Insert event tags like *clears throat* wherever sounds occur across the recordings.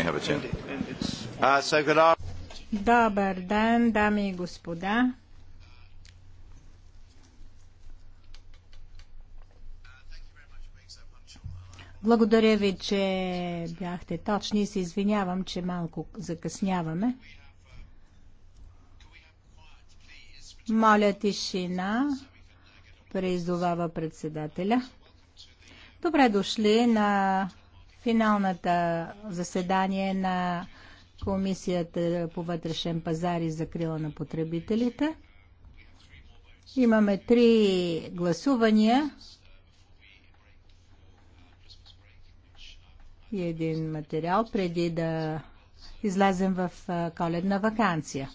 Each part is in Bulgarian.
we have a Uh, so good Добър ден, дами и господа. Благодаря ви, че бяхте точни. Се извинявам, че малко закъсняваме. Моля тишина, призовава председателя. Добре дошли на финалната заседание на Комисията по вътрешен пазар и закрила на потребителите. Имаме три гласувания и един материал преди да излезем в коледна вакансия.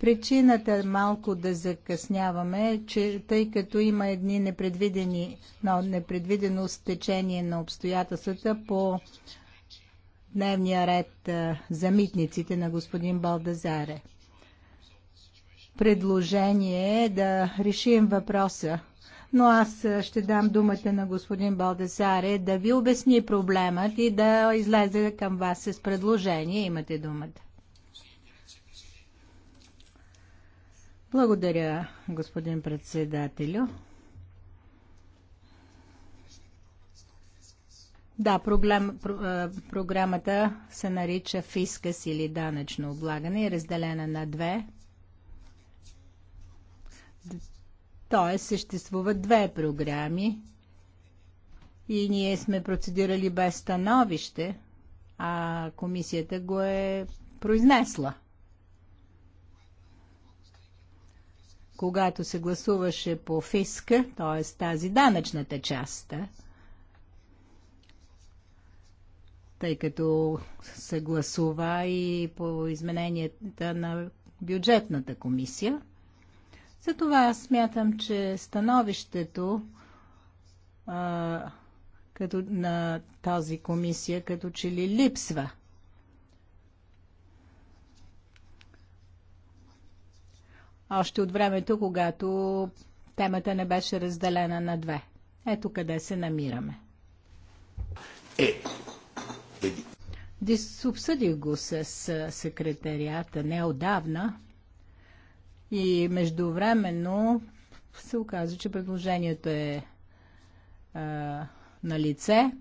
Причината малко да закъсняваме е, че тъй като има едни непредвидени, но непредвидено стечение на обстоятелствата по дневния ред за митниците на господин Балдазаре. Предложение е да решим въпроса, но аз ще дам думата на господин Балдазаре да ви обясни проблемът и да излезе към вас с предложение. Имате думата. Благодаря, господин председателю. Да, програм, про, програмата се нарича Фискас или данъчно облагане и е разделена на две. Тоест, съществуват две програми и ние сме процедирали без становище, а комисията го е произнесла. когато се гласуваше по фиска, т.е. тази данъчната част, тъй като се гласува и по измененията на бюджетната комисия. Затова смятам, че становището а, като на тази комисия като че ли липсва. още от времето, когато темата не беше разделена на две. Ето къде се намираме. Е, Дис, обсъдих го с секретарията неодавна и междувременно се оказа, че предложението е а, на лице.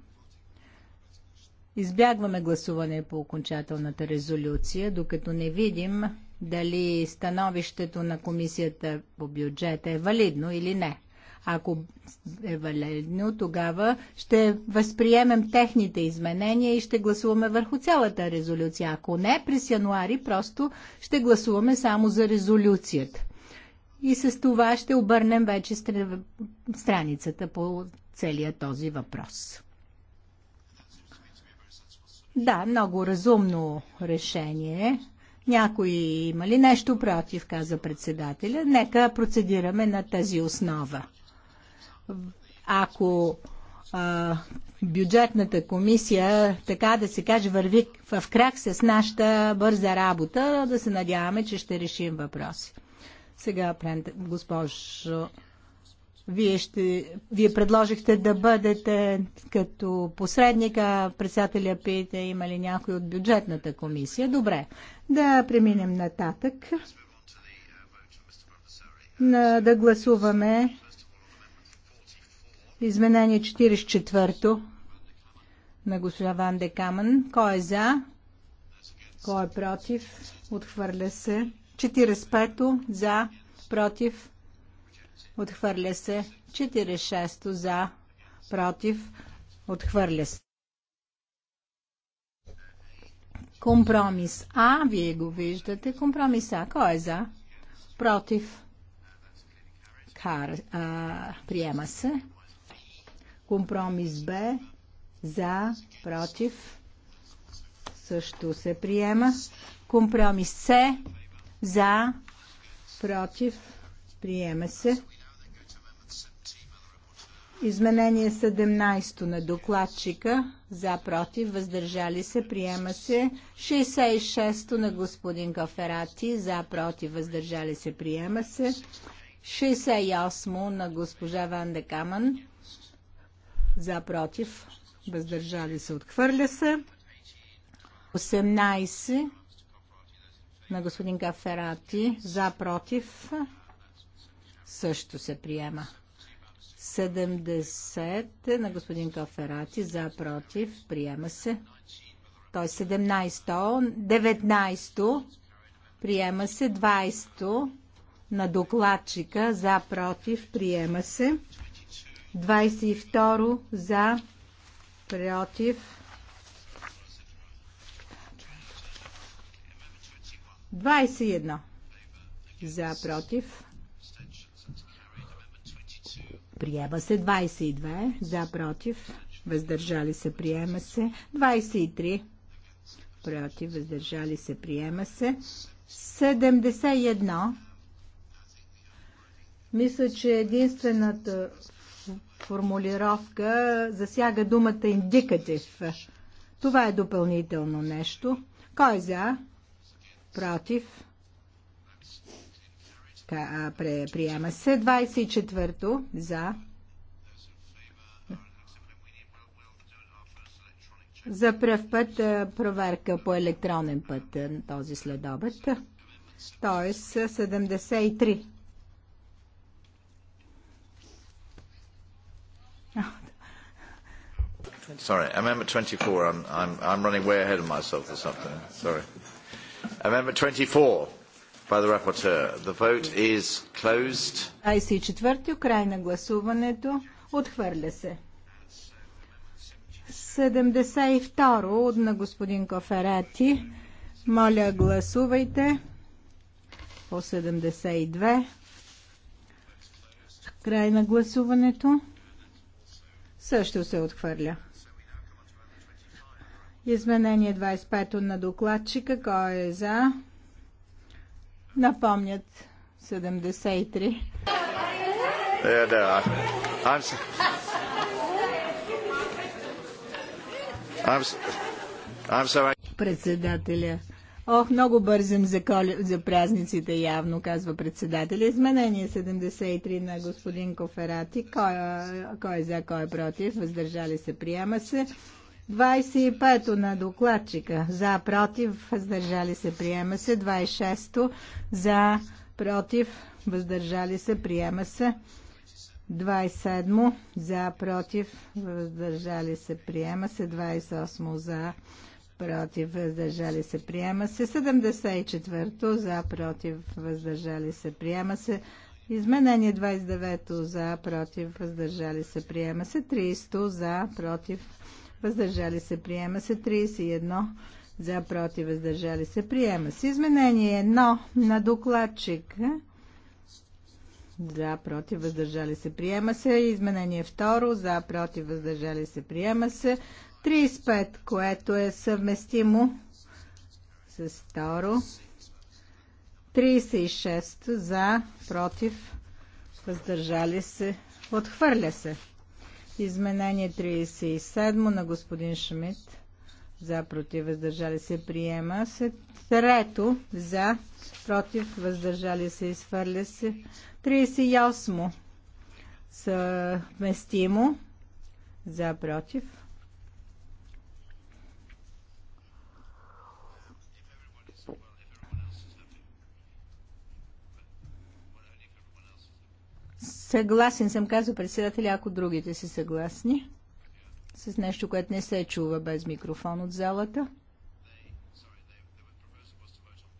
Избягваме гласуване по окончателната резолюция, докато не видим дали становището на комисията по бюджета е валидно или не. Ако е валидно, тогава ще възприемем техните изменения и ще гласуваме върху цялата резолюция. Ако не, през януари просто ще гласуваме само за резолюцията. И с това ще обърнем вече страницата по целия този въпрос. Да, много разумно решение някой има ли нещо против, каза председателя. Нека процедираме на тази основа. Ако а, бюджетната комисия, така да се каже, върви в крак с нашата бърза работа, да се надяваме, че ще решим въпроси. Сега, госпожо вие, ще, вие предложихте да бъдете като посредника. Председателя пита има ли някой от бюджетната комисия. Добре, да преминем нататък. На, да гласуваме изменение 44 на госпожа Ван де Камен. Кой е за? Кой е против? Отхвърля се. 45 за, против, Отхвърля се. 46 за. Против. Отхвърля се. Компромис А. Вие го виждате. Компромис А. Кой е за? Против. Кар, а, приема се. Компромис Б. За. Против. Също се приема. Компромис С. За. Против Приема се. Изменение 17 на докладчика. За, против, въздържали се. Приема се. 66 на господин Каферати, За, против, въздържали се. Приема се. 68 на госпожа Ван де Каман. За, против, въздържали се. Отхвърля се. 18 на господин Каферати. За, против, също се приема. 70 е на господин Коферати за против. Приема се. Той 17, е 19, приема се 20 на докладчика за против. Приема се. 22 за против. 21 за против. Приема се 22 за против. Въздържали се. Приема се 23 против. Въздържали се. Приема се 71. Мисля, че единствената формулировка засяга думата индикатив. Това е допълнително нещо. Кой е за? Против? точка А. Приема се. 24-то за. За пръв път проверка по електронен път този следобед. Тоест 73. Sorry, Amendment 24. I'm, I'm, I'm running way ahead of myself or something. Sorry. Amendment 24 by the rapporteur. The vote is closed. 24-ти, край на гласуването. Отхвърля се. 72-ро от на господин Коферати. Моля, гласувайте по 72. Край на гласуването. Също се отхвърля. Изменение 25 то на докладчика. Кой е за? напомнят 73. Yeah, no, I'm, I'm, I'm so... Председателя. Ох, много бързим за, коли... за празниците явно, казва председателя. Изменение 73 на господин Коферати. Кой, кой е за, кой е против? Въздържали се, приема се. 25-то на докладчика. За, против, въздържали се, приема се. 26-то за, против, въздържали се, приема се. 27 за, против, въздържали се, приема се. 28 за, против, въздържали се, приема се. 74 за, против, въздържали се, приема се. Изменение 29 за, против, въздържали се, приема се. 30 за, против, въздържали се, приема се 31 за, против, въздържали се, приема се. Изменение 1 на докладчик за, против, въздържали се, приема се. Изменение 2 за, против, въздържали се, приема се. 35, което е съвместимо с второ. 36 за, против, въздържали се, отхвърля се. Изменение 37 на господин Шмидт. За, против, въздържали се, приема се. Трето, за, против, въздържали се, изхвърля се. 38 съвместимо. За, против. Съгласен съм, казва председателя, ако другите са съгласни с нещо, което не се чува без микрофон от залата.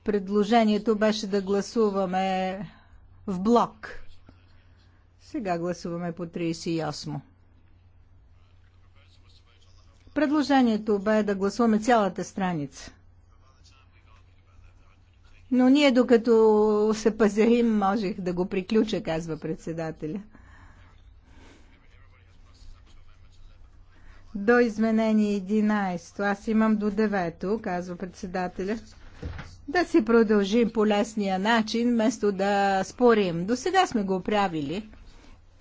Предложението беше да гласуваме в блок. Сега гласуваме по 38. Предложението бе да гласуваме цялата страница. Но ние докато се пазарим, можех да го приключа, казва председателя. До изменение 11. Аз имам до 9, казва председателя. Да си продължим по лесния начин, вместо да спорим. До сега сме го правили.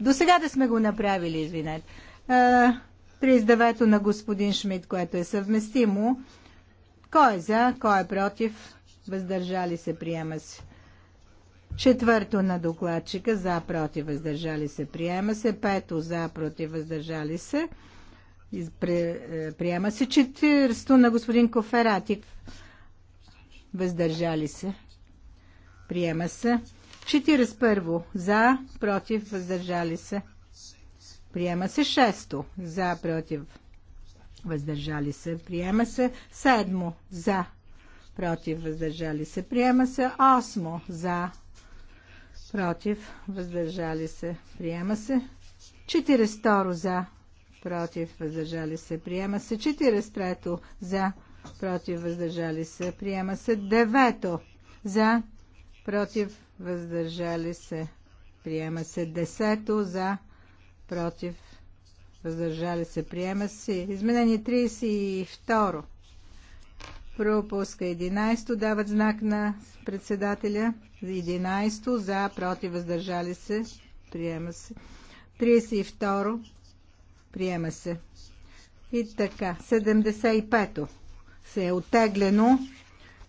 До сега да сме го направили, извинете. 39-то на господин Шмидт, което е съвместимо. Кой е за, кой е против? въздържали се, приема се. Четвърто на докладчика за против въздържали се приема се. Пето за против въздържали се е, приема се. Четвърто на господин Коферати въздържали се приема се. 41. За, против, въздържали се. Приема се. Шесто. За, против, въздържали се. Приема се. Седмо. За, против, въздържали се. Приема се. 8 за, против, въздържали се. Приема се. 42 за, против, въздържали се. Приема се. 43 за, против, въздържали се. Приема се. Девето за, против, въздържали се. Приема се. Десето за, против, въздържали се. Приема се. Изменение 32. Пропуска 11 дават знак на председателя. 11 за, против, въздържали се. Приема се. 32 приема се. И така, 75-то се е оттеглено.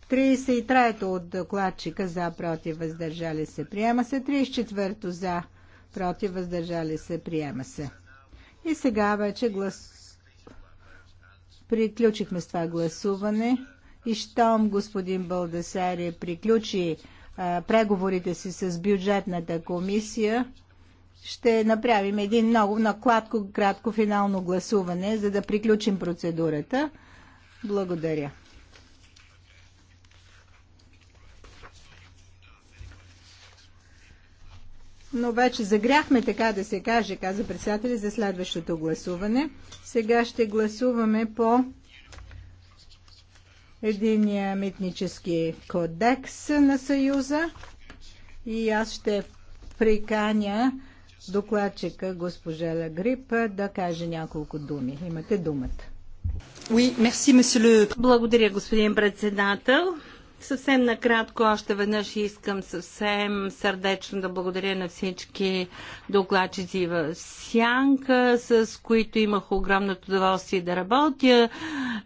33-то от докладчика за, против, въздържали се. Приема се. 34-то за, против, въздържали се. Приема се. И сега вече глас... приключихме с това гласуване. И щом господин Балдасари приключи а, преговорите си с бюджетната комисия, ще направим един много накладко, кратко финално гласуване, за да приключим процедурата. Благодаря. Но вече загряхме, така да се каже, каза председателя, за следващото гласуване. Сега ще гласуваме по единия митнически кодекс на Съюза и аз ще приканя докладчика госпожа Лагрип да каже няколко думи. Имате думата. Oui, merci, le... Благодаря, господин председател. Съвсем накратко, още веднъж искам съвсем сърдечно да благодаря на всички докладчици в Сянка, с които имах огромното удоволствие да работя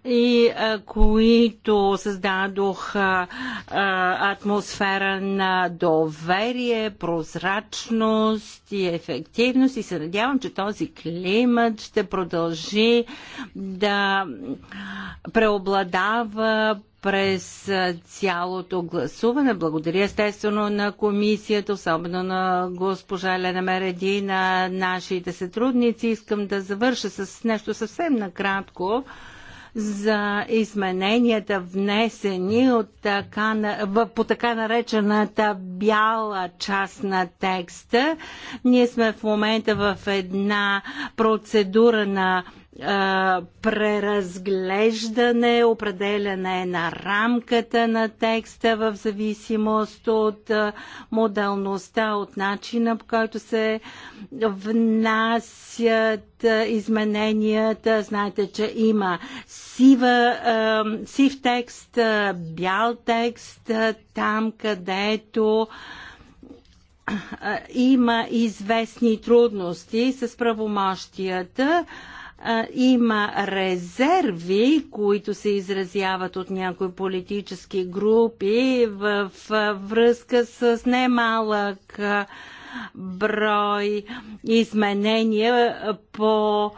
и а, които създадох а, а, атмосфера на доверие, прозрачност и ефективност и се надявам, че този климат ще продължи да преобладава през цялото гласуване. Благодаря естествено на комисията, особено на госпожа Елена Мереди, на нашите сътрудници. Искам да завърша с нещо съвсем накратко за измененията внесени от така, по така наречената бяла част на текста. Ние сме в момента в една процедура на преразглеждане, определяне на рамката на текста в зависимост от модалността, от начина по който се внасят измененията. Знаете, че има сива, сив текст, бял текст, там където има известни трудности с правомощията има резерви, които се изразяват от някои политически групи в, връзка с немалък брой изменения по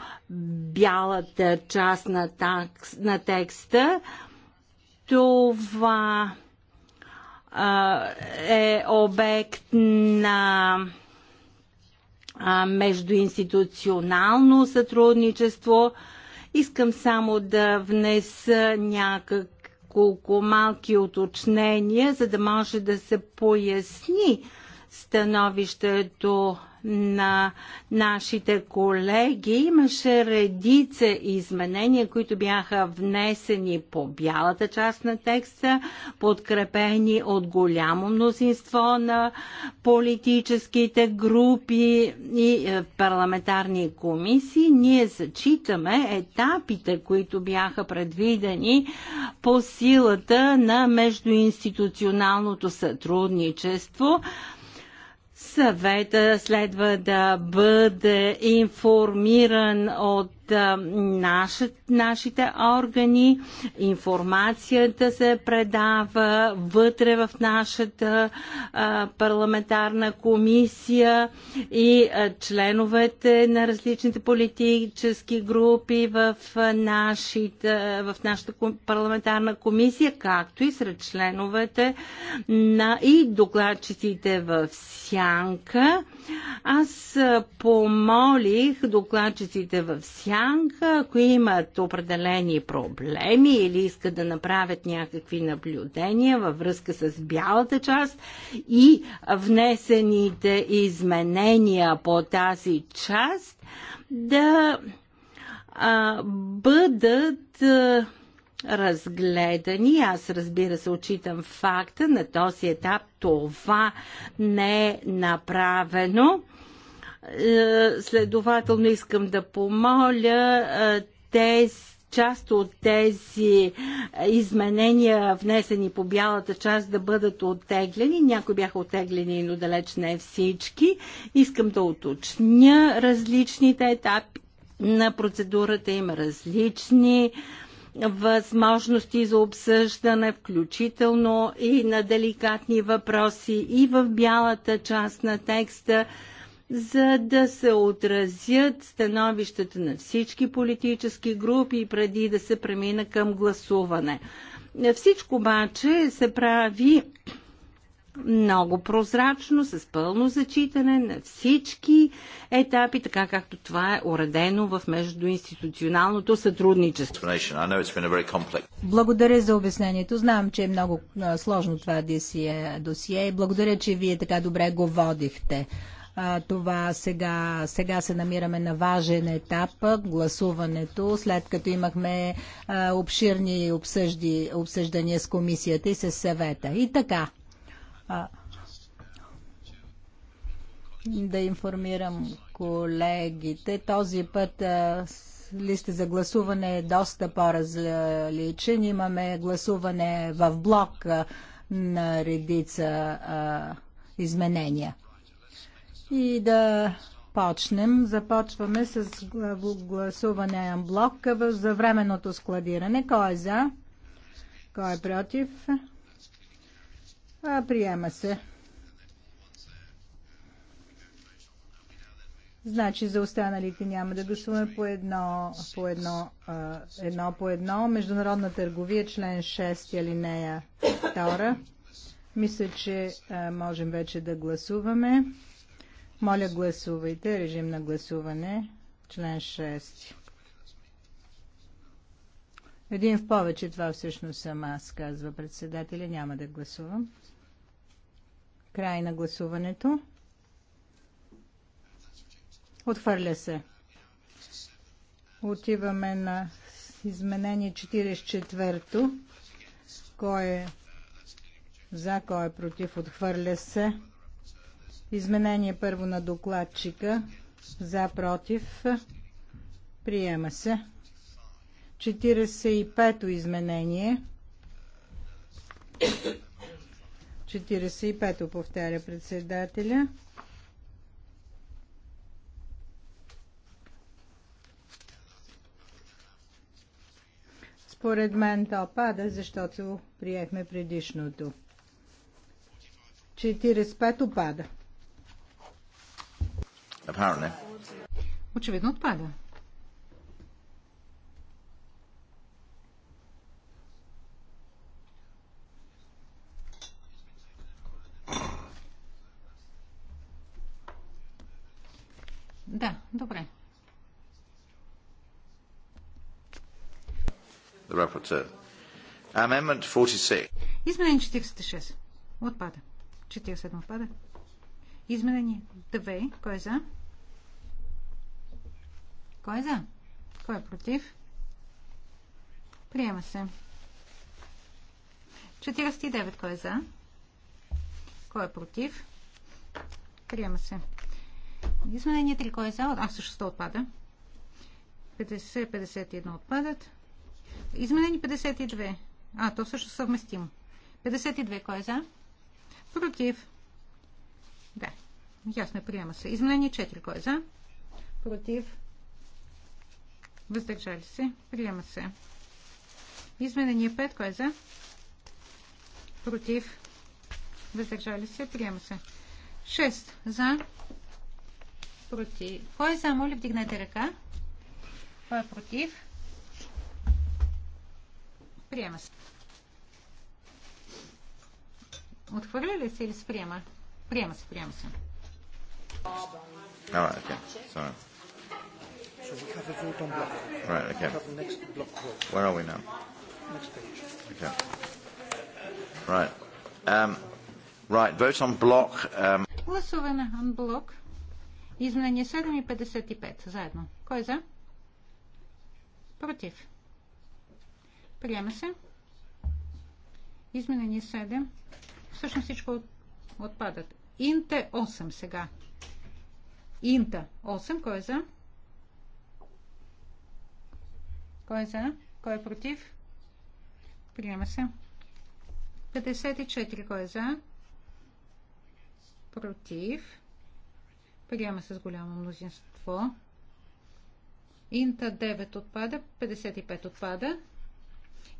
бялата част на, такс, на текста. Това а, е обект на междуинституционално сътрудничество. Искам само да внеса някакво малки уточнения, за да може да се поясни становището на нашите колеги. Имаше редица изменения, които бяха внесени по бялата част на текста, подкрепени от голямо мнозинство на политическите групи и е, парламентарни комисии. Ние зачитаме етапите, които бяха предвидени по силата на междуинституционалното сътрудничество. Съвета следва да бъде информиран от нашите органи, информацията се предава вътре в нашата а, парламентарна комисия и а, членовете на различните политически групи в, нашите, в нашата парламентарна комисия, както и сред членовете на и докладчиците в Сянка. Аз помолих докладчиците в Сянка чанка, ако имат определени проблеми или искат да направят някакви наблюдения във връзка с бялата част и внесените изменения по тази част, да а, бъдат а, разгледани. Аз разбира се отчитам факта, на този етап това не е направено. Е, следователно искам да помоля е, тези част от тези изменения, внесени по бялата част, да бъдат оттеглени. Някои бяха оттеглени, но далеч не всички. Искам да уточня различните етапи на процедурата. Има различни възможности за обсъждане, включително и на деликатни въпроси и в бялата част на текста за да се отразят становищата на всички политически групи преди да се премина към гласуване. Всичко обаче се прави много прозрачно, с пълно зачитане на всички етапи, така както това е уредено в междуинституционалното сътрудничество. Благодаря за обяснението. Знам, че е много сложно това досие. досие. Благодаря, че вие така добре го водихте това сега, сега се намираме на важен етап, гласуването, след като имахме обширни обсъжди, обсъждания с комисията и с съвета. И така, да информирам колегите, този път листа за гласуване е доста по-различен. Имаме гласуване в блок на редица а, изменения и да почнем. Започваме с гласуване блок за временното складиране. Кой е за? Кой е против? А, приема се. Значи за останалите няма да гласуваме по едно по едно, а, едно по едно. Международна търговия, член 6, алинея 2. Мисля, че а, можем вече да гласуваме. Моля, гласувайте. Режим на гласуване. Член 6. Един в повече, това всъщност съм аз, казва председателя. Няма да гласувам. Край на гласуването. Отхвърля се. Отиваме на изменение 44-то. Кой е за, кой е против, отхвърля се. Изменение първо на докладчика. За, против. Приема се. 45-то изменение. 45-то повтаря председателя. Според мен то пада, защото приехме предишното. 45-то пада. Apparently. Очевидно отпада. Да, добре. The rapporteur. Amendment 46. Изменение 46. Отпада. 47 отпада. Изменение 2. Кой е за? Кой е за? Кой е против? Приема се. 49. Кой е за? Кой е против? Приема се. Изменение 3. Кой е за? А, също 100 отпада. 50, 51 отпадат. Изменение 52. А, то също съвместимо. 52. Кой е за? Против. Да, ясно, приема се. Изменение 4. Кой е за? Против? Въздържали се? Приема се. Изменение 5. Кой е за? Против? Въздържали се? Приема се. 6. За? Против? Кой е за? Моля, вдигнете ръка. Кой е против? Приема се. Отхвърля ли се или сприема? Приема се, приема се. All right, okay. Sorry. So we have a vote on block. Right, okay. We have the next block vote. Where are we now? Next page. Okay. Right. Um, right, vote on block. Um... Гласуване on block. Изменение 7 и 55 заедно. Кой за? Против. Приема се. Изменение 7. Всъщност всичко от отпадат. Инте 8 сега. Инта 8, кой е за? Кой е за? Кой е против? Приема се. 54, кой е за? Против. Приема се с голямо мнозинство. Инта 9 отпада, 55 отпада.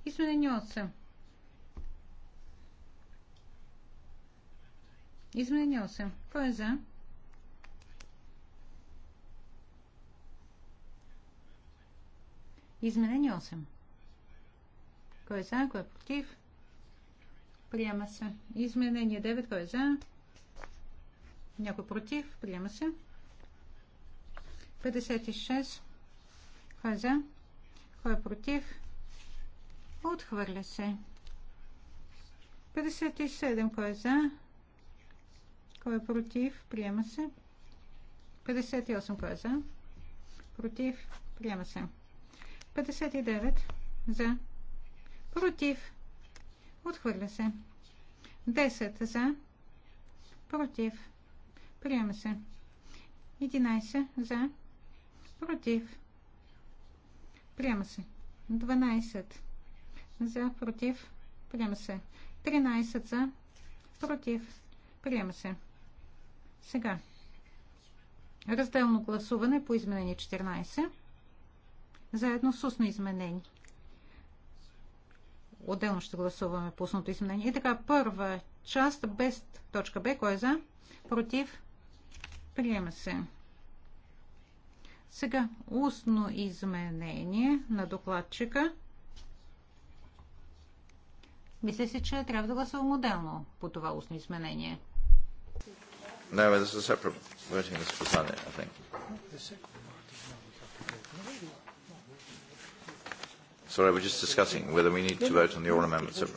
Изменение 8. Изменил 8. Кой е за? Изменени 8. Кой е за? Кой е против? Приема се. Изменение 9. Кой е за? Някой против? Приема се. 56. Кой е за? Кой е против? Отхвърля се. 57. Кой е за? Кой е против? Приема се. 58. Кой е за? Против? Приема се. 59. За. Против. Отхвърля се. 10. За. Против. Приема се. 11. За. Против. Приема се. 12. За. Против. Приема се. 13. За. Против. Приема се. Сега. Разделно гласуване по изменение 14. Заедно с устно изменение. Отделно ще гласуваме по устното изменение. И така, първа част без точка Б. Кой е за? Против? Приема се. Сега устно изменение на докладчика. Мисля си, че трябва да гласувам отделно по това устно изменение. No, there's a separate voting list for Sunday, I think. Sorry, we're just discussing whether we need to vote on the oral amendment. So,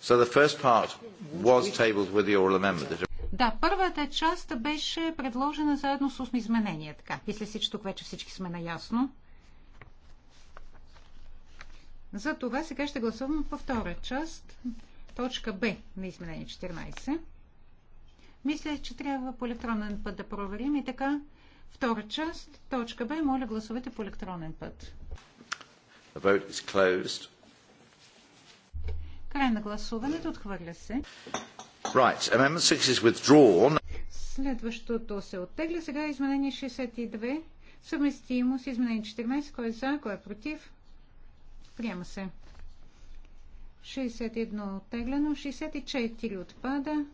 so the first part was tabled with the oral amendment. Да, първата част беше предложена заедно с устно изменение. Така, мисля си, че тук вече всички сме наясно. За това сега ще гласуваме по втора част точка Б на изменение 14. Мисля, че трябва по електронен път да проверим и така. Втора част, точка Б, моля гласувате по електронен път. The vote is closed. Край на гласуването отхвърля се. Right. Amendment 6 is withdrawn. Следващото се оттегля. Сега е изменение 62. Съвместимо с изменение 14. Кой е за, кой е против? Приема се. 61 оттеглено. 64 отпада.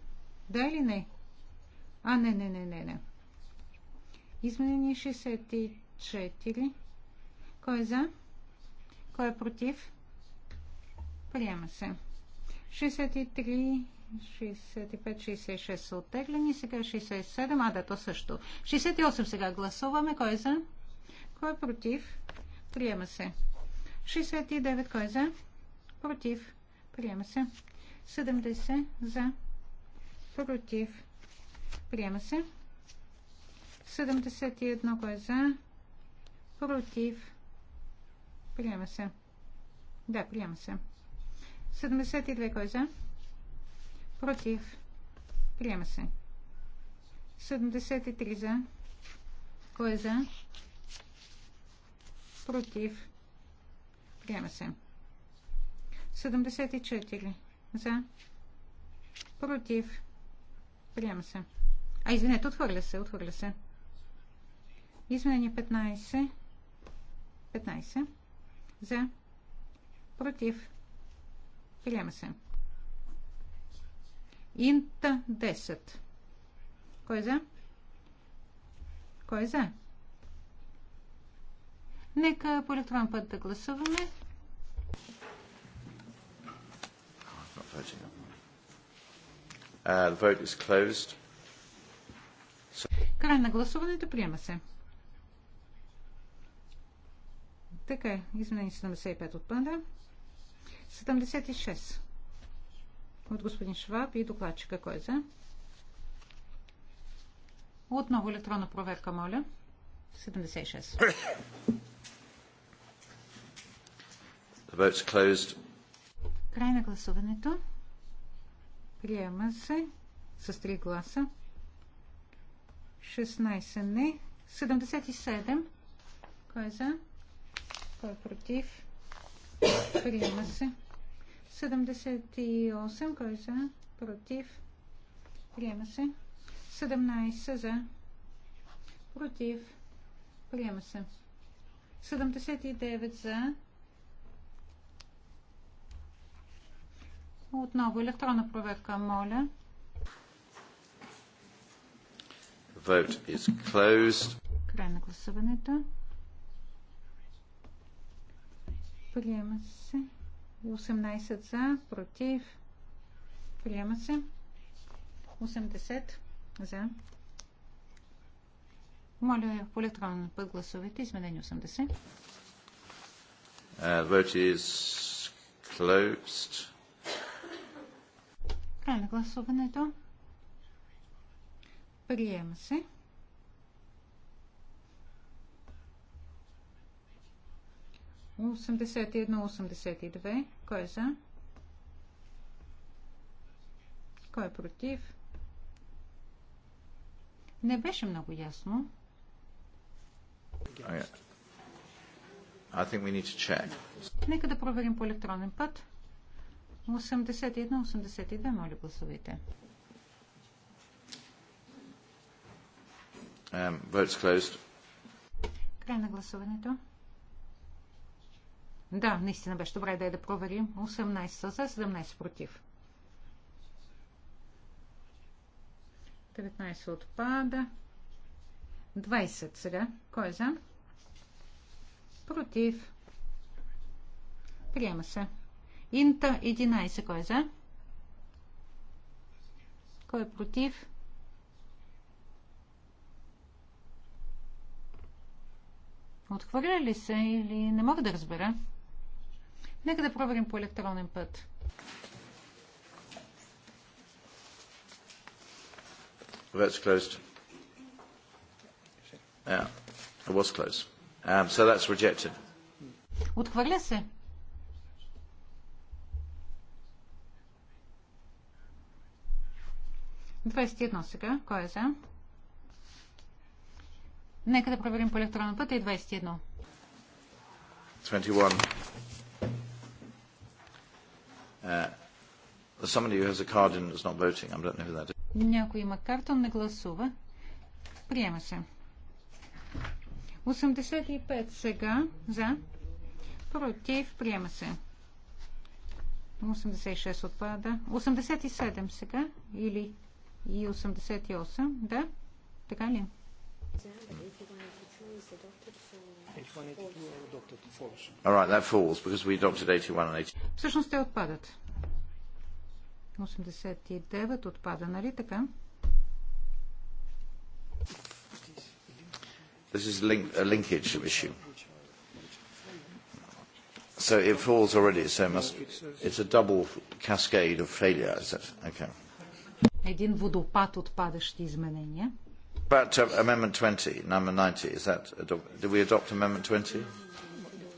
Да или не? А, не, не, не, не, не. Изменение 64. Кой е за? Кой е против? Приема се. 63, 65, 66 са оттеглени. Сега 67. А, да, то също. 68 сега гласуваме. Кой е за? Кой е против? Приема се. 69. Кой е за? Против. Приема се. 70 за. Против. Приема се. 71 кой е за. Против. Приема се. Да, приема се. 72 кой е за. Против. Приема се. 73 за. Кой е за? Против. Приема се. 74 за. Против. Приема се. А, извинете, отхвърля се, отхвърля се. Изменение 15. 15. За. Против. Приема се. Инта 10. Кой е за? Кой е за? Нека по електронен път да гласуваме. voting on. Uh, the vote is closed. So... Край на гласуването приема се. Така, е, изменение 75 отпада. 76 от господин Шваб и докладчика. Кой е за? Отново електронна проверка, моля. 76. The vote's closed. Край на гласуването. Приема се с 3 гласа. 16 не. 77. Кой е за? Кой е против? Приема се. 78. Кой е за? Против? Приема се. 17 за. Против? Приема се. 79 за. Отново електронна проверка, моля. Vote is closed. Край на гласуването. Приема се. 18 за, против. Приема се. 80 за. Моля, по електронен път гласувайте. Изменение 80. Uh, vote is closed. Край на гласуването. Приема се. Осемдесет и едно, осемдесет и две. Кой е за? Кой е против? Не беше много ясно. Нека да проверим по електронен път. 81-82, моля гласувайте. Um, vote's closed. Край на гласуването. Да, наистина беше добре да е да проверим. 18 са за, 17 против. 19 отпада. 20 сега. Кой е за? Против. Приема се. Инта 11. Кой е за? Кой е против? Отхвърля ли се или не мога да разбера? Нека да проверим по електронен път. That's closed. Yeah, it was close. Um, so that's rejected. Отхвърля се. 21 сега. Кой е за? Нека да проверим по електронен път е и 21. 21. Uh, Някой има карта, не гласува. Приема се. 85 сега за. Против. Приема се. 86 отпада. 87 сега или и 88, да? Така ли? All right, that falls because we adopted 81 and Всъщност те отпадат. 89 отпада, нали така? This is link, a linkage issue. So it falls already, so it must, it's a double cascade of failure, is it? Okay един водопад от падащи изменения. But uh, amendment 20, number 90, is that, did we adopt amendment 20?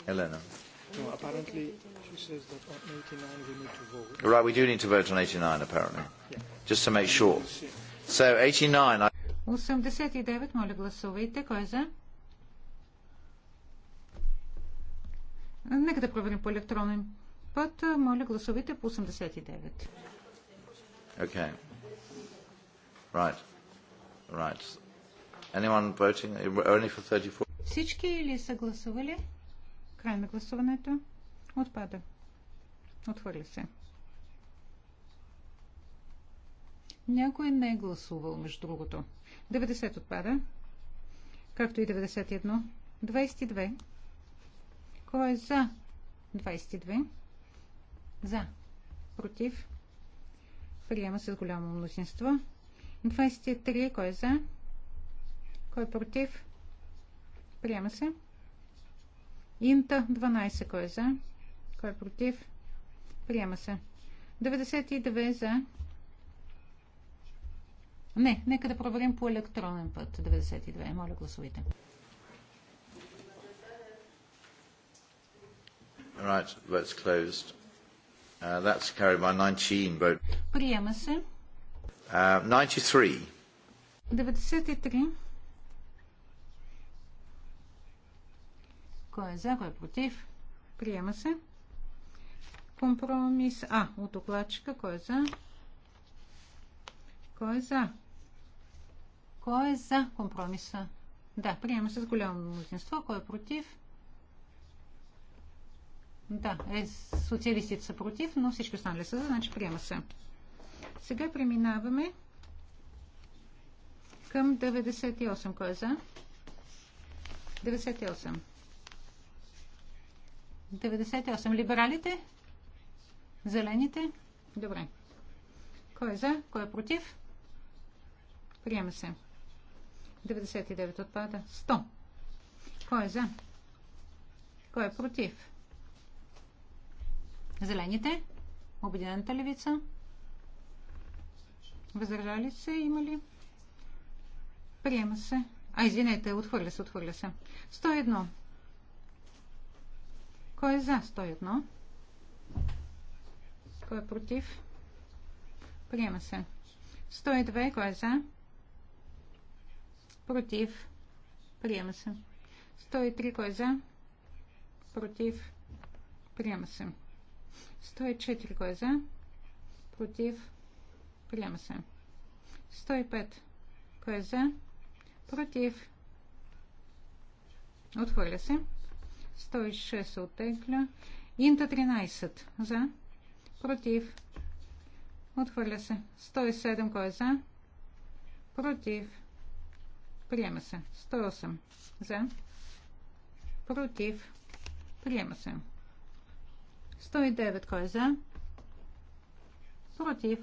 Elena. No, apparently she says that on 89 we need to vote. Right, we do need to vote on 89 apparently, yeah. just to make sure. So 89... I... 89, моля гласувайте. Кой е за? Нека да проверим по електронен път. Моля гласувайте по 89. Окей. Okay. Right. Right. Anyone voting only for 34? Всички ли са гласували? Край на гласуването. Отпада. Отхвърля се. Някой не е гласувал, между другото. 90 отпада. Както и 91. 22. Кой е за 22? За. Против. Приема се с голямо мнозинство. 23. Кой е за? Кой е против? Приема се. Инта 12. Кой е за? Кой е против? Приема се. 92 за. Не, нека да проверим по електронен път. 92. Моля, гласувайте. Right, closed. Uh, that's carried by 19 vote. Приема се. 93. Uh, кой е за, кой е против? Приема се. Компромис А от докладчика. Кой е за? Кой е за? Кой е за компромиса? Да, приема се с голямо мнозинство. Кой е против? Да, е, социалистите са против, но всички останали са за, значи приема се. Сега преминаваме към 98. Кой е за? 98. 98. Либералите? Зелените? Добре. Кой е за? Кой е против? Приема се. 99 отпада. 100. Кой е за? Кой е против? Зелените? Обединената левица? Възражали се? Има ли? Приема се. А, извинете, отхвърля се, отхвърля се. 101. Кой е за 101? Кой е против? Приема се. 102. Кой е за? Против. Приема се. 103. Кой е за? Против. Приема се. 104. Кой е за? Против. Приема се. 105. Кой е за? Против. Отхвърля се. 106 оттегля. Инта 13. За. Против. Отхвърля се. 107. Кой е за? Против. Приема се. 108. За. Против. Приема се. 109. Кой е за? Против.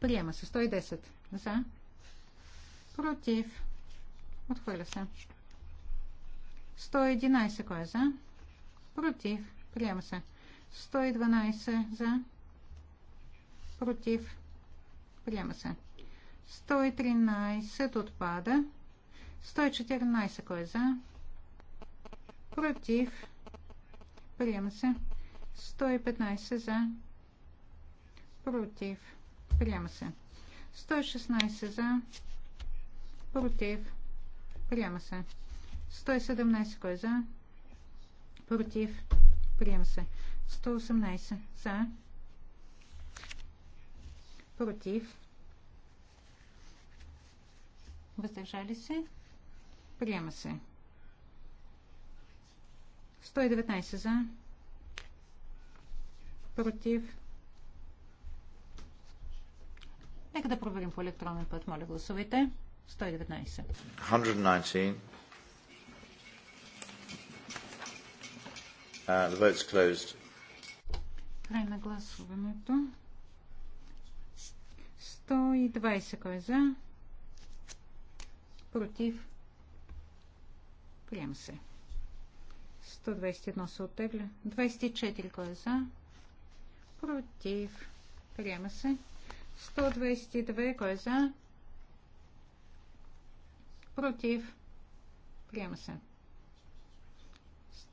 Приема се 110 за. Против. Отхвърля се. 111 кой е за? Против. Приема се. 112 за. Против. Приема се. 113 отпада. 114 кой е за? Против. Приема се. 115 за. Против. Приема се. 116 за. Против. Приема се. 117 кой е за? Против. Приема се. 118 за. Против. Въздържали се. Приема се. 119 за. Против. Нека да проверим по електронен път. Моля, гласувайте. 119. 119. Uh, the vote's closed. Край на гласуването. 120 кой е за? Против? Приема се. 121 се оттегля. 24 кой е за? Против? Приема се. 122. Кой е за? Против. Приема се.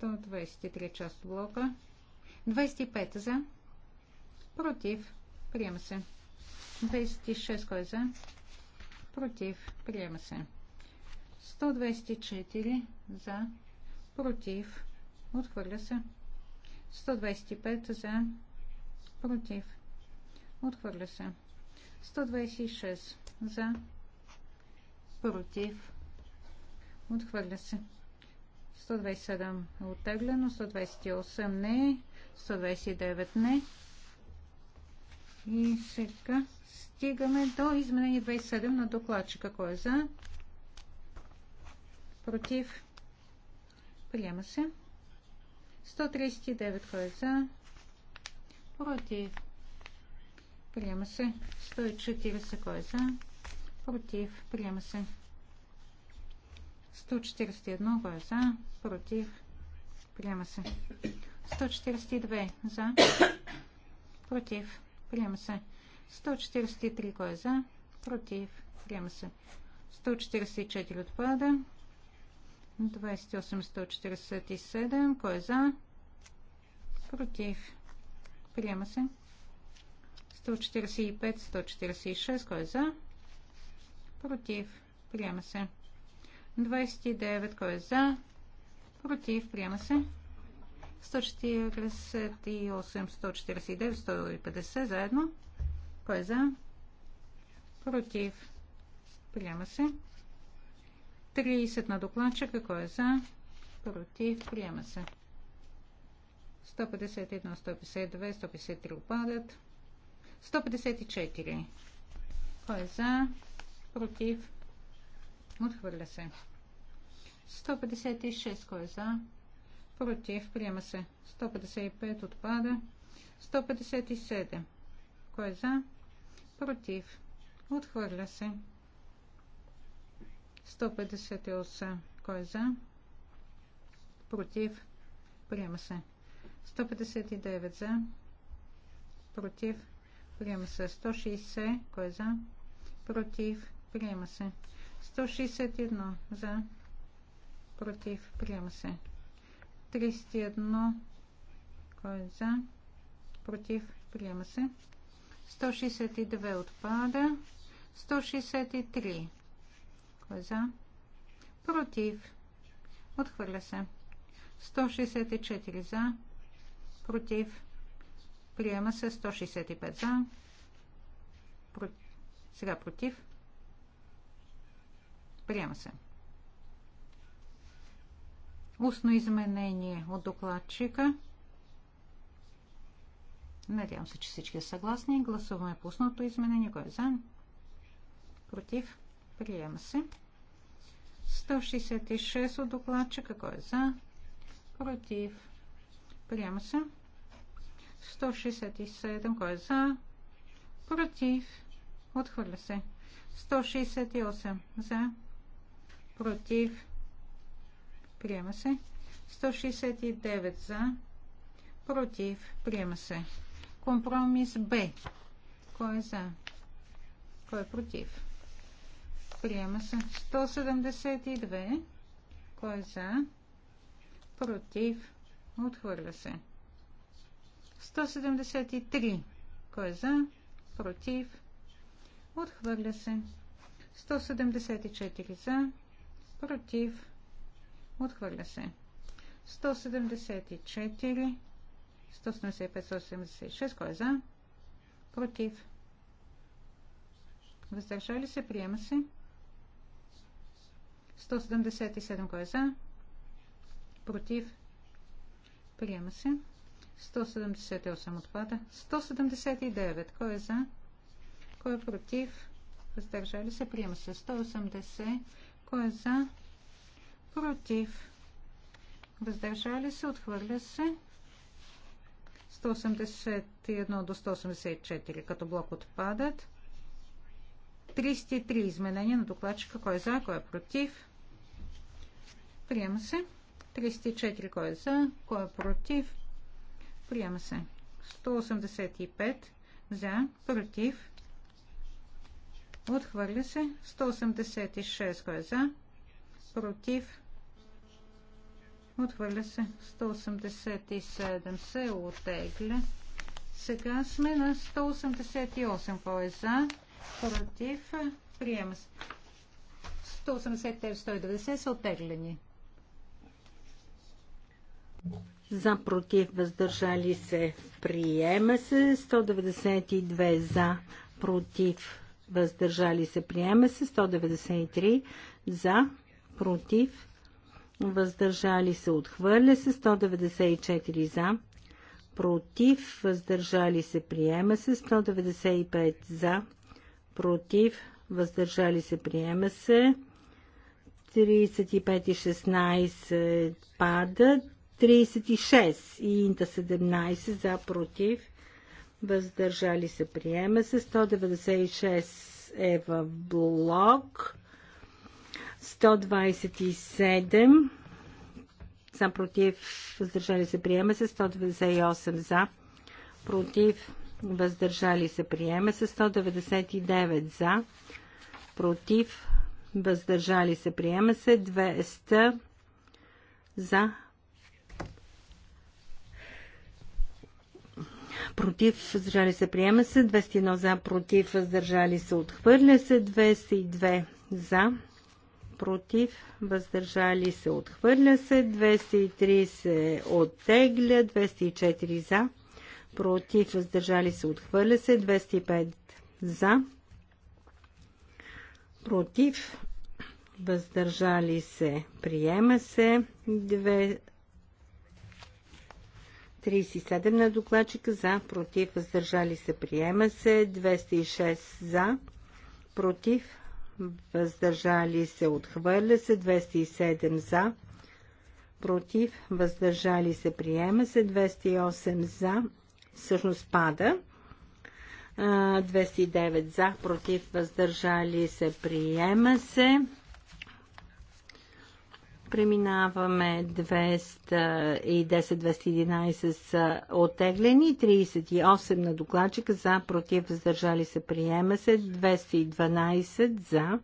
123 част блока. 25 за. Против. Приема се. 26 кой е за? Против. Приема се. 124 за. Против. Отхвърля се. 125 за. Против. Отхвърля се. 126 за, против, отхвърля се. 127 е оттеглено, 128 не, 129 не. И сега стигаме до изменение 27 на докладчика. Кой е за? Против? Приема се. 139 кой е за? Против? приема се. 140 кой е за, против, приема се. 141 кой е за, против, приема се. 142 за, против, приема се. 143 кой е за, против, приема се. 144 отпада. 28-147. Кой е за? Против. Приема се. 145, 146. Кой е за? Против. Приема се. 29. Кой е за? Против. Приема се. 148, 149, 150 заедно. Кой е за? Против. Приема се. 30 на докладчика. Кой е за? Против. Приема се. 151, 152, 153 опадат. 154. Кой е за? Против? Отхвърля се. 156. Кой е за? Против? Приема се. 155. Отпада. 157. Кой е за? Против? Отхвърля се. 158. Кой е за? Против? Приема се. 159 за. Против? Приема се 160. Кой е за? Против. Приема се. 161 за. Против. Приема се. 301. Кой е за? Против. Приема се. 162 отпада. 163. Кой е за? Против. Отхвърля се. 164 за. Против. Приема се 165 за. Про... Сега против. Приема се. Устно изменение от докладчика. Надявам се, че всички са съгласни. Гласуваме по устното изменение. Кой е за? Против. Приема се. 166 от докладчика. Кой е за? Против. Приема се. 167. Кой е за? Против. Отхвърля се. 168. За. Против. Приема се. 169. За. Против. Приема се. Компромис Б. Кой е за? Кой е против? Приема се. 172. Кой е за? Против. Отхвърля се. 173. Кой е за? Против. Отхвърля се. 174 за. Против. Отхвърля се. 174. 175, 176. Кой е за? Против. Въздържали се. Приема се. 177. Кой е за? Против. Приема се. 178 отпада. 179. Кой е за? Кой е против? Въздържали се. Приема се. 180. Кой е за? Против. Въздържали се. Отхвърля се. 181 до 184 като блок отпадат. 33 изменения на докладчика. Кой е за? Кой е против? Приема се. 34. Кой е за? Кой е против? Приема се. 185 за, против. Отхвърля се. 186 кой е за, против. Отхвърля се. 187 се отегля. Сега сме на 188 кой е за, против. Приема се. 189-190 са оттеглени за против въздържали се приема се 192 за против въздържали се приема се 193 за против въздържали се отхвърля се 194 за против въздържали се приема се 195 за против въздържали се приема се 35 и 16 падат 36 и Инта 17 за против. Въздържали се приема се. 196 е в блок. 127 за против. Въздържали се приема се. 198 за против. Въздържали се приема се. 199 за против. Въздържали се приема се. 200 за против против, въздържали се, приема се. 201 за, против, въздържали се, отхвърля се. 202 за, против, въздържали се, отхвърля се. 203 се оттегля. 204 за, против, въздържали се, отхвърля се. 205 за, против, въздържали се, приема се. 2 37 на докладчика за, против, въздържали се, приема се. 206 за, против, въздържали се, отхвърля се. 207 за, против, въздържали се, приема се. 208 за, всъщност пада. 209 за, против, въздържали се, приема се. Преминаваме 210-211 са отеглени, 38 на докладчика за, против, въздържали се, приема се, 212 за,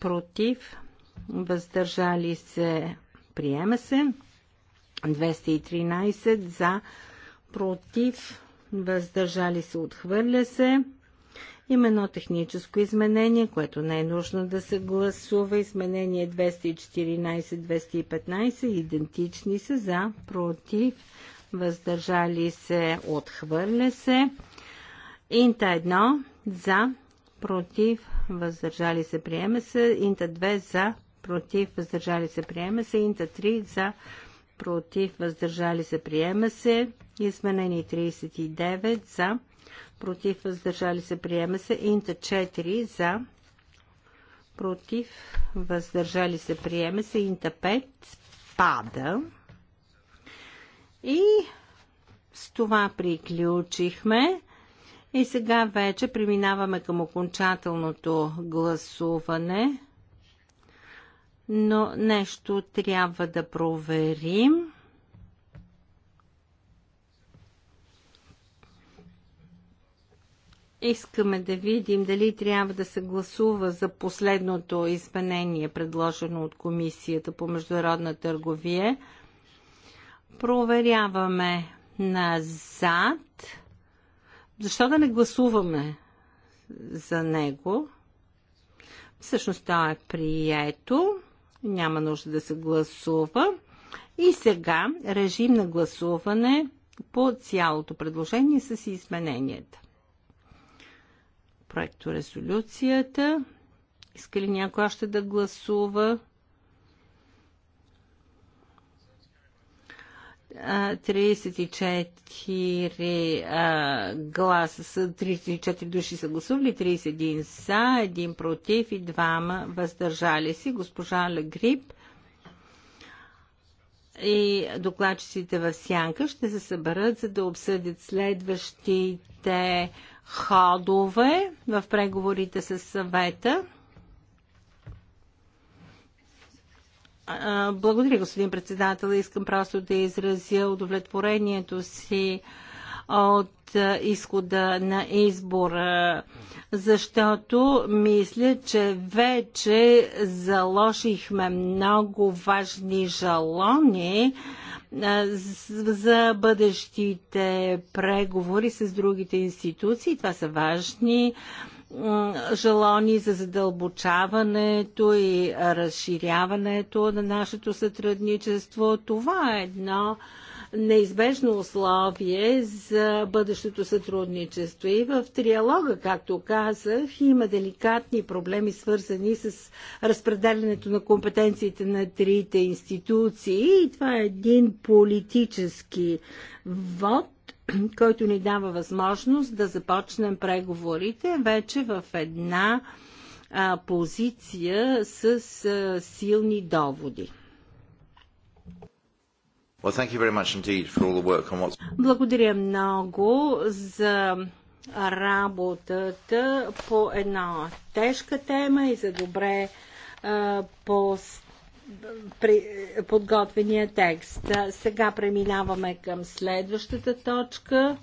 против, въздържали се, приема се, 213 за, против, въздържали се, отхвърля се, има едно техническо изменение, което не е нужно да се гласува. Изменение 214-215, идентични са за, против, въздържали се, отхвърля се. Инта 1 за, против, въздържали се, приема се. Инта 2 за, против, въздържали се, приема се. Инта 3 за, против, въздържали се, приема се. Изменение 39 за, против, въздържали се, приема се. Инта 4 за, против, въздържали се, приема се. Инта 5 пада. И с това приключихме. И сега вече преминаваме към окончателното гласуване. Но нещо трябва да проверим. Искаме да видим дали трябва да се гласува за последното изменение, предложено от Комисията по международна търговия. Проверяваме назад. Защо да не гласуваме за него? Всъщност то е прието. Няма нужда да се гласува. И сега режим на гласуване по цялото предложение с измененията проекто резолюцията. Иска ли някой още да гласува? 34 а, гласа са, 34 души са гласували, 31 са, 1 против и 2 въздържали си. Госпожа Легрип и докладчиците в Сянка ще се съберат, за да обсъдят следващите ходове в преговорите с съвета. Благодаря, господин председател. Искам просто да изразя удовлетворението си от изхода на избора защото мисля, че вече заложихме много важни жалони за бъдещите преговори с другите институции. Това са важни жалони за задълбочаването и разширяването на нашето сътрудничество. Това е едно неизбежно условие за бъдещото сътрудничество. И в триалога, както казах, има деликатни проблеми, свързани с разпределянето на компетенциите на трите институции. И това е един политически вод който ни дава възможност да започнем преговорите вече в една позиция с силни доводи. Благодаря много за работата по една тежка тема и за добре по подготвения текст. Сега преминаваме към следващата точка.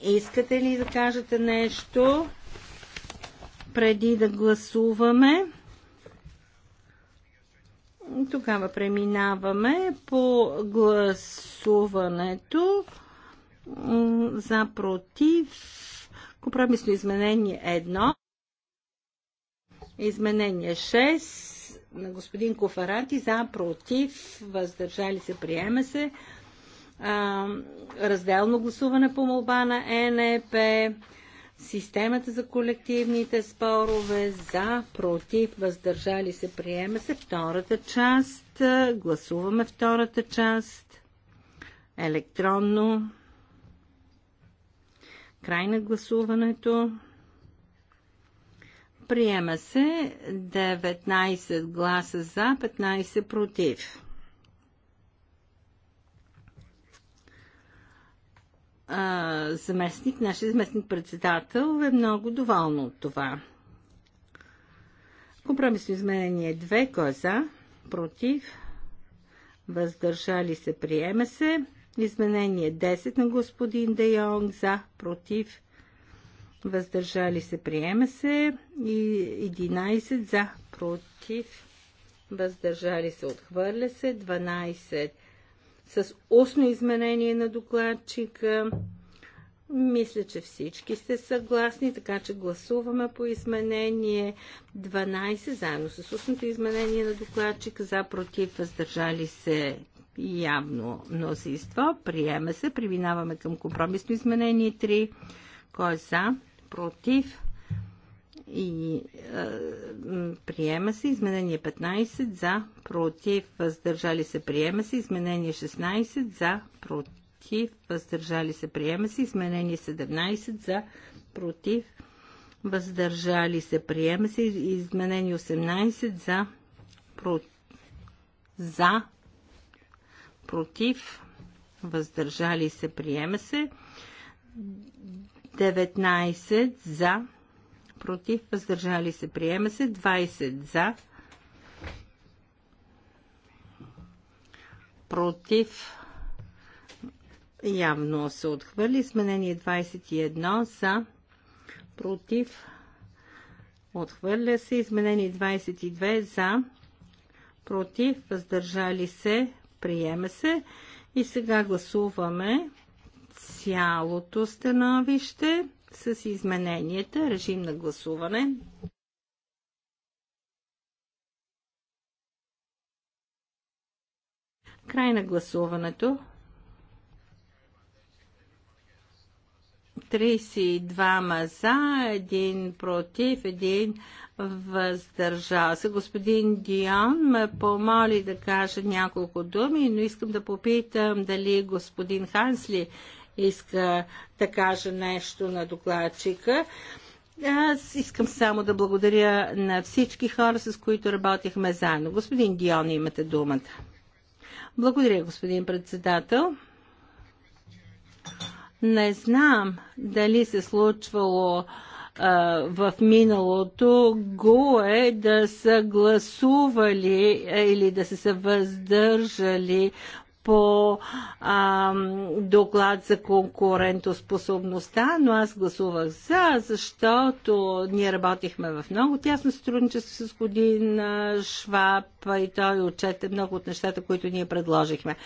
Искате ли да кажете нещо преди да гласуваме? Тогава преминаваме по гласуването за против компромисно изменение 1, изменение 6 на господин Кофарати за против, въздържали се, приема се. А, разделно гласуване по молба на ЕНЕП системата за колективните спорове, за, против, въздържали се, приема се. Втората част, гласуваме втората част, електронно, край на гласуването. Приема се 19 гласа за, 15 против. заместник, нашия заместник председател е много доволно от това. Компромисно изменение 2. Кой е за? Против? Въздържали се? Приема се. Изменение 10 на господин Де Йонг. За? Против? Въздържали се? Приема се. И 11 за? Против? Въздържали се? Отхвърля се. 12 с устно изменение на докладчика. Мисля, че всички сте съгласни, така че гласуваме по изменение 12, заедно с устното изменение на докладчика, за против, въздържали се явно мнозинство. Приема се. Преминаваме към компромисно изменение 3. Кой е за? Против? и а, приема се изменение 15 за, против, въздържали се, приема се изменение 16 за, против, въздържали се, приема се изменение 17 за, против, въздържали се, приема се изменение 18 за, про, за, против, въздържали се, приема се 19 за, против, против, въздържали се, приема се. 20 за, против, явно се отхвърли. Изменение 21 за, против, отхвърля се. Изменение 22 за, против, въздържали се, приема се. И сега гласуваме цялото становище с измененията. Режим на гласуване. Край на гласуването. 32 за, един против, един въздържал се. Господин Дион ме помоли да кажа няколко думи, но искам да попитам дали господин Хансли иска да каже нещо на докладчика. Аз искам само да благодаря на всички хора, с които работихме заедно. Господин Дион, имате думата. Благодаря, господин председател. Не знам дали се случвало в миналото ГУЕ да са гласували или да са се въздържали по а, доклад за конкурентоспособността, но аз гласувах за, защото ние работихме в много тясно сътрудничество с годин Шваб и той отчете много от нещата, които ние предложихме.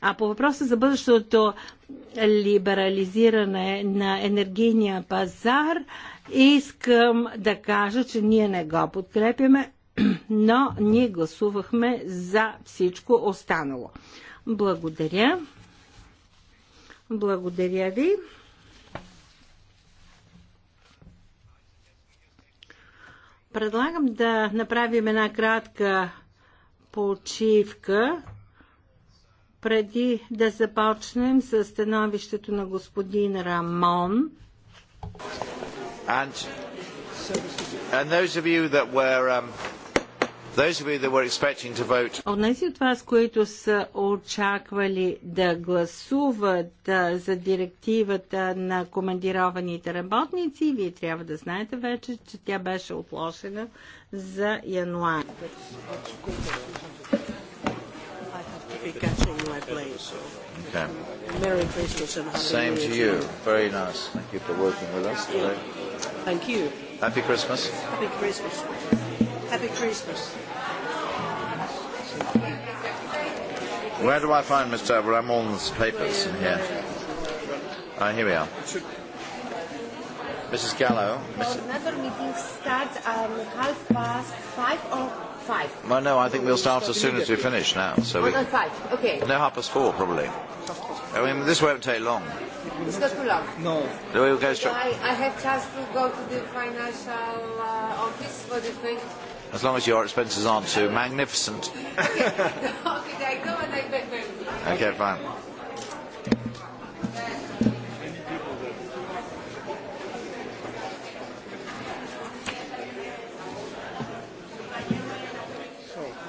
А по въпроса за бъдещото либерализиране на енергийния пазар, искам да кажа, че ние не го подкрепяме, *clears throat* но ние гласувахме за всичко останало. Благодаря. Благодаря ви. Предлагам да направим една кратка почивка преди да започнем с становището на господин Рамон. And, and those of you that were, um, Онези от вас, които са очаквали да гласуват за директивата на командированите работници, вие трябва да знаете вече, че тя беше отложена за януари. Happy Christmas. Happy Christmas. Happy Christmas. Where do I find Mr. Ramon's papers in here? Ah, here we are. Mrs. Gallo. Mrs. Another meeting starts at um, half past five or five. Well, no, I think we'll start as soon as we finish now. So we. One five. Okay. No, half past four probably. I mean, this won't take long. It's not too long. No. We'll go straight. I, I have just to go to the financial uh, office for the thing as long as your expenses aren't too magnificent. okay, fine.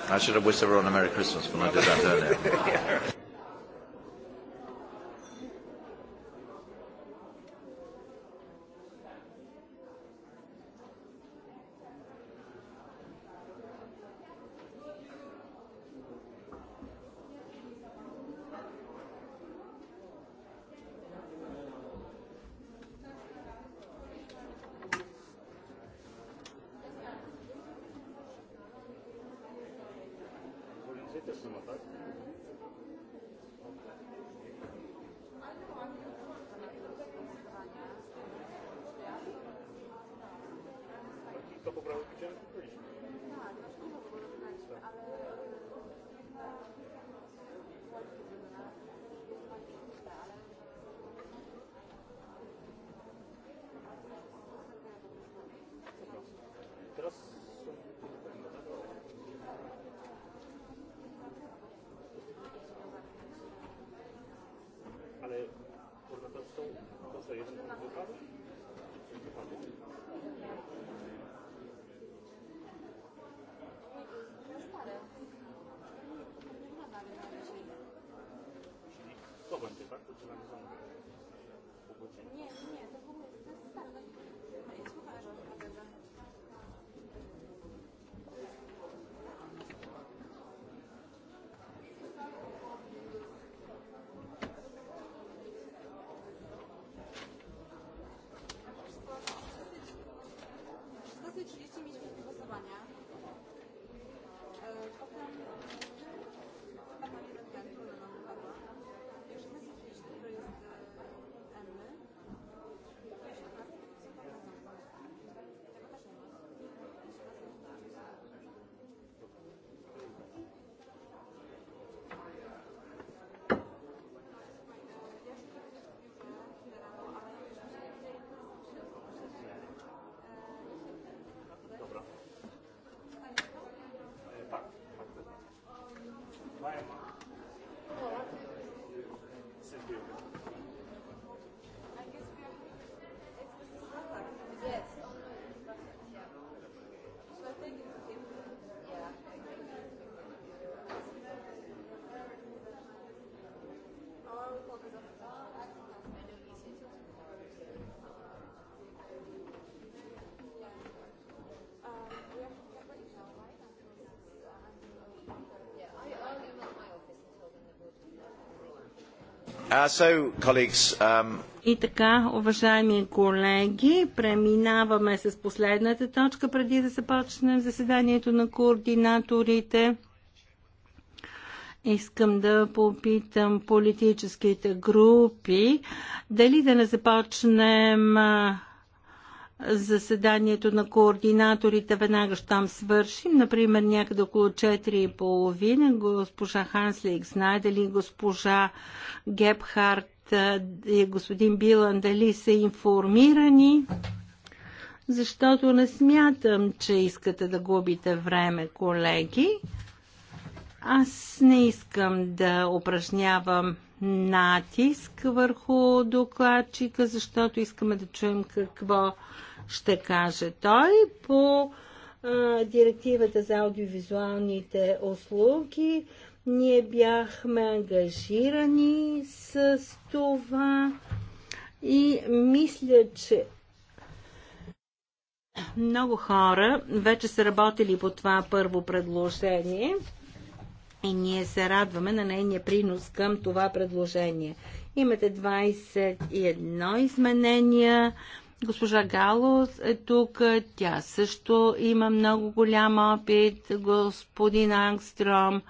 I should have wished everyone a Merry Christmas when I did that earlier. Uh, um, И така, уважаеми колеги, преминаваме с последната точка преди да започнем заседанието на координаторите. Искам да попитам политическите групи дали да не започнем заседанието на координаторите веднага щом свършим, например някъде около 4.30, госпожа Ханслик, знае дали госпожа Гепхарт и господин Билан дали са информирани, защото не смятам, че искате да губите време, колеги. Аз не искам да упражнявам натиск върху докладчика, защото искаме да чуем какво ще каже той по а, директивата за аудиовизуалните услуги. Ние бяхме ангажирани с това и мисля, че много хора вече са работили по това първо предложение и ние се радваме на нейния принос към това предложение. Имате 21 изменения. Госпожа Галос е тук. Тя също има много голям опит. Господин Ангстром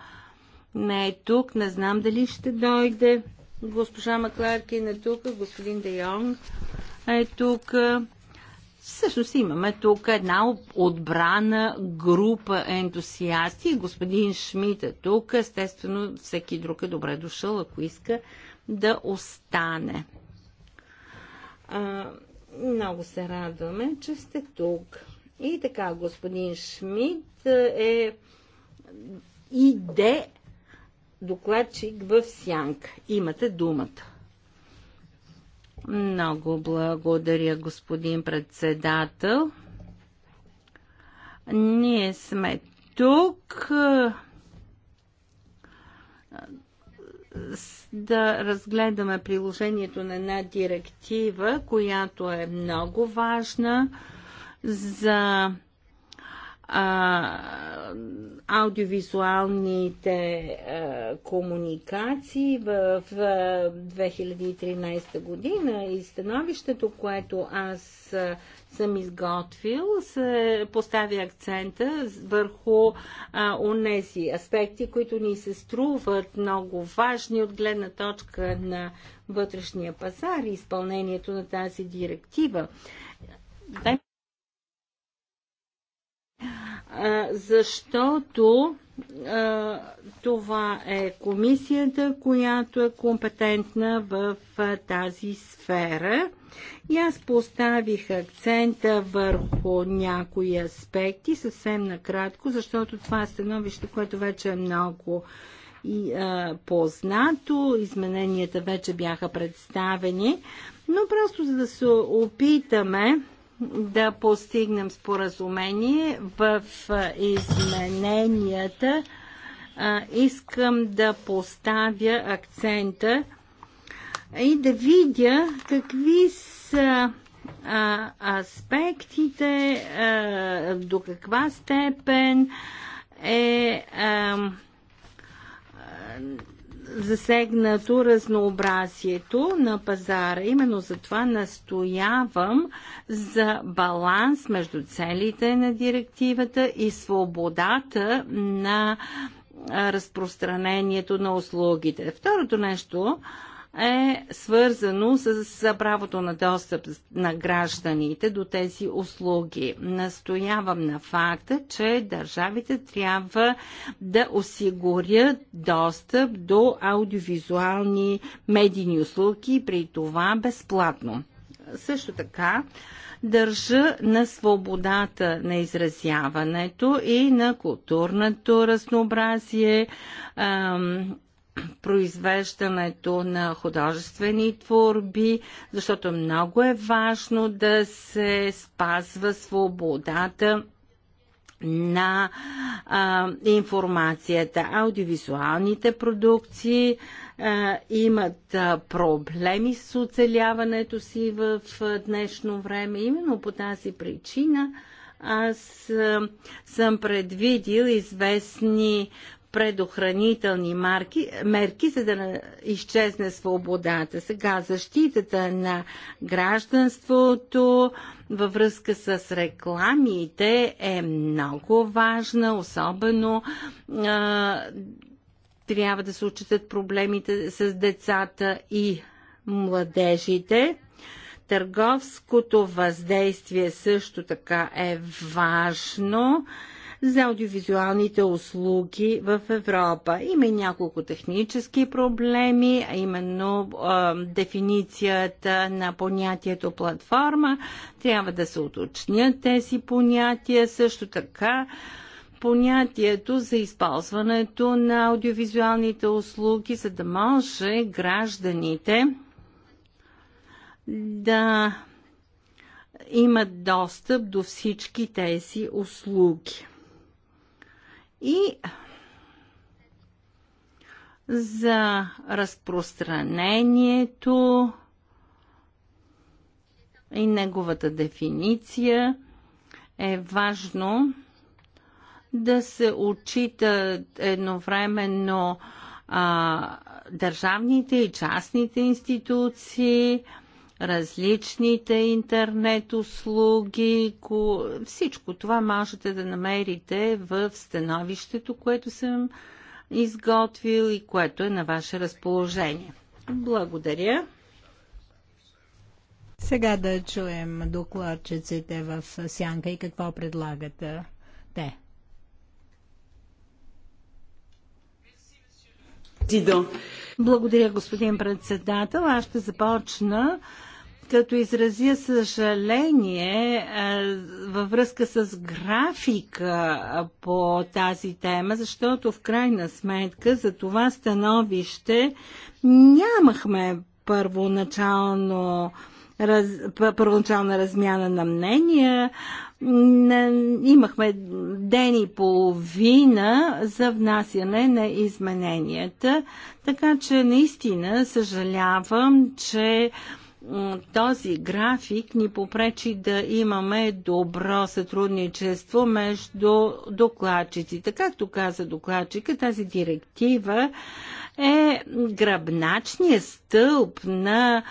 не е тук. Не знам дали ще дойде. Госпожа Макларкин е тук. Господин Де Йонг е тук. Всъщност имаме тук една отбрана група ентусиасти. Господин Шмидт е тук. Естествено, всеки друг е добре дошъл, ако иска да остане. Много се радваме, че сте тук. И така, господин Шмидт е иде докладчик в Сянка. Имате думата. Много благодаря, господин председател. Ние сме тук да разгледаме приложението на една директива, която е много важна за а, аудиовизуалните а, комуникации в, в 2013 година и становището, което аз а, съм изготвил, се поставя акцента върху а, унези аспекти, които ни се струват много важни от гледна точка на вътрешния пазар и изпълнението на тази директива. Защото това е комисията, която е компетентна в тази сфера. И аз поставих акцента върху някои аспекти, съвсем накратко, защото това е становище, което вече е много и, а, познато, измененията вече бяха представени, но просто за да се опитаме да постигнем споразумение в измененията. Искам да поставя акцента и да видя какви са аспектите, до каква степен е засегнато разнообразието на пазара. Именно за това настоявам за баланс между целите на директивата и свободата на разпространението на услугите. Второто нещо, е свързано с правото на достъп на гражданите до тези услуги. Настоявам на факта, че държавите трябва да осигурят достъп до аудиовизуални медийни услуги, при това безплатно. Също така, държа на свободата на изразяването и на културното разнообразие, произвеждането на художествени творби, защото много е важно да се спазва свободата на а, информацията. Аудиовизуалните продукции а, имат а, проблеми с оцеляването си в а, днешно време. Именно по тази причина аз а, съм предвидил известни предохранителни марки, мерки, за да не изчезне свободата. Сега защитата на гражданството във връзка с рекламите е много важна, особено а, трябва да се учитат проблемите с децата и младежите. Търговското въздействие също така е важно. А, за аудиовизуалните услуги в Европа. Има и няколко технически проблеми, а именно а, дефиницията на понятието платформа. Трябва да се уточнят тези понятия. Също така понятието за използването на аудиовизуалните услуги, за да може гражданите да имат достъп до всички тези услуги и за разпространението и неговата дефиниция е важно да се отчитат едновременно а, държавните и частните институции, а, различните интернет услуги, всичко това можете да намерите в становището, което съм изготвил и което е на ваше разположение. Благодаря. Сега да чуем докладчиците в сянка и какво предлагат те. Благодаря, господин председател. Аз ще започна като изразя съжаление е, във връзка с графика е, по тази тема, защото в крайна сметка за това становище нямахме първоначално раз, първоначална размяна на мнения. Имахме ден и половина за внасяне на измененията, така че наистина съжалявам, че този график ни попречи да имаме добро сътрудничество между докладчиците. Както каза докладчика, тази директива е гръбначният стълб на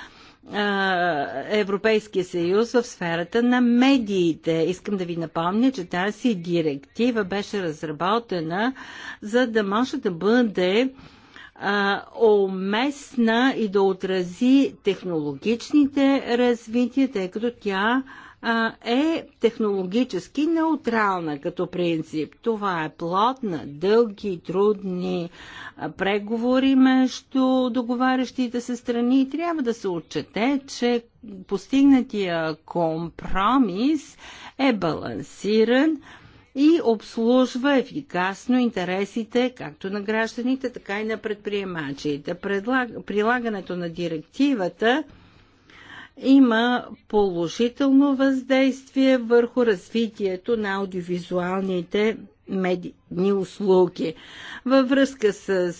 Европейския съюз в сферата на медиите. Искам да ви напомня, че тази директива беше разработена за да може да бъде уместна и да отрази технологичните развития, тъй като тя е технологически неутрална като принцип. Това е плод на дълги, трудни преговори между договарящите се страни и трябва да се отчете, че постигнатия компромис е балансиран и обслужва ефикасно интересите както на гражданите, така и на предприемачите. Прилагането на директивата има положително въздействие върху развитието на аудиовизуалните медийни услуги. Във връзка с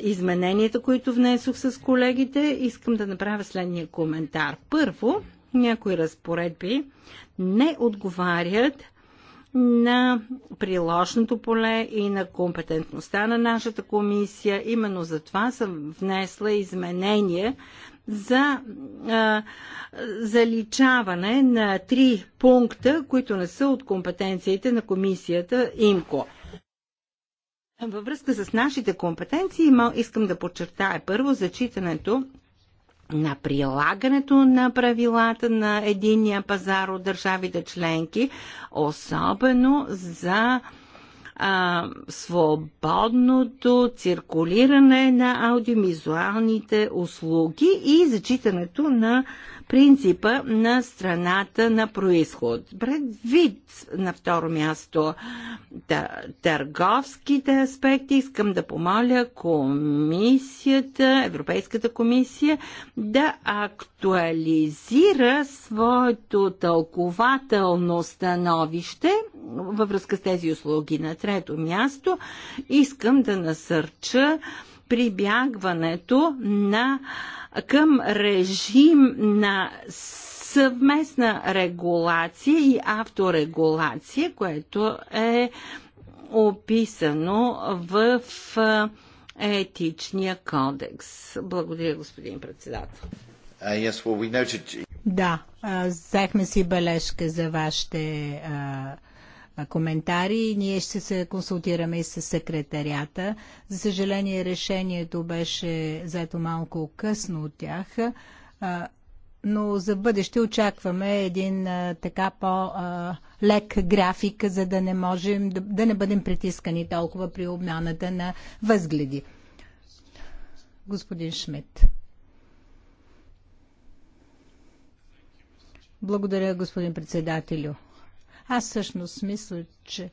измененията, които внесох с колегите, искам да направя следния коментар. Първо, някои разпоредби не отговарят на приложното поле и на компетентността на нашата комисия. Именно за това съм внесла изменение за а, заличаване на три пункта, които не са от компетенциите на комисията ИМКО. Във връзка с нашите компетенции искам да подчертая първо зачитането на прилагането на правилата на единия пазар от държавите членки, особено за а, а, свободното циркулиране на аудиовизуалните услуги и зачитането на принципа на страната на происход. Предвид на второ място търговските аспекти, искам да помоля комисията, Европейската комисия да актуализира своето тълкователно становище във връзка с тези услуги. На трето място искам да насърча прибягването на, към режим на съвместна регулация и авторегулация, което е описано в етичния кодекс. Благодаря, господин председател. Uh, yes, well, we noted... Да, взехме си бележка за вашите uh коментари. Ние ще се консултираме и с секретарията. За съжаление, решението беше заето малко късно от тях, но за бъдеще очакваме един така по-лек график, за да не можем да не бъдем притискани толкова при обмяната на възгледи. Господин Шмидт. Благодаря, господин председателю. Аз всъщност мисля, че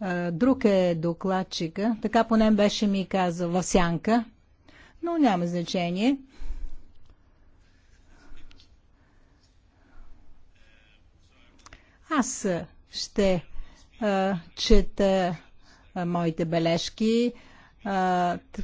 а, друг е докладчика. Така поне беше ми каза в сянка, но няма значение. Аз ще а, чета а, моите бележки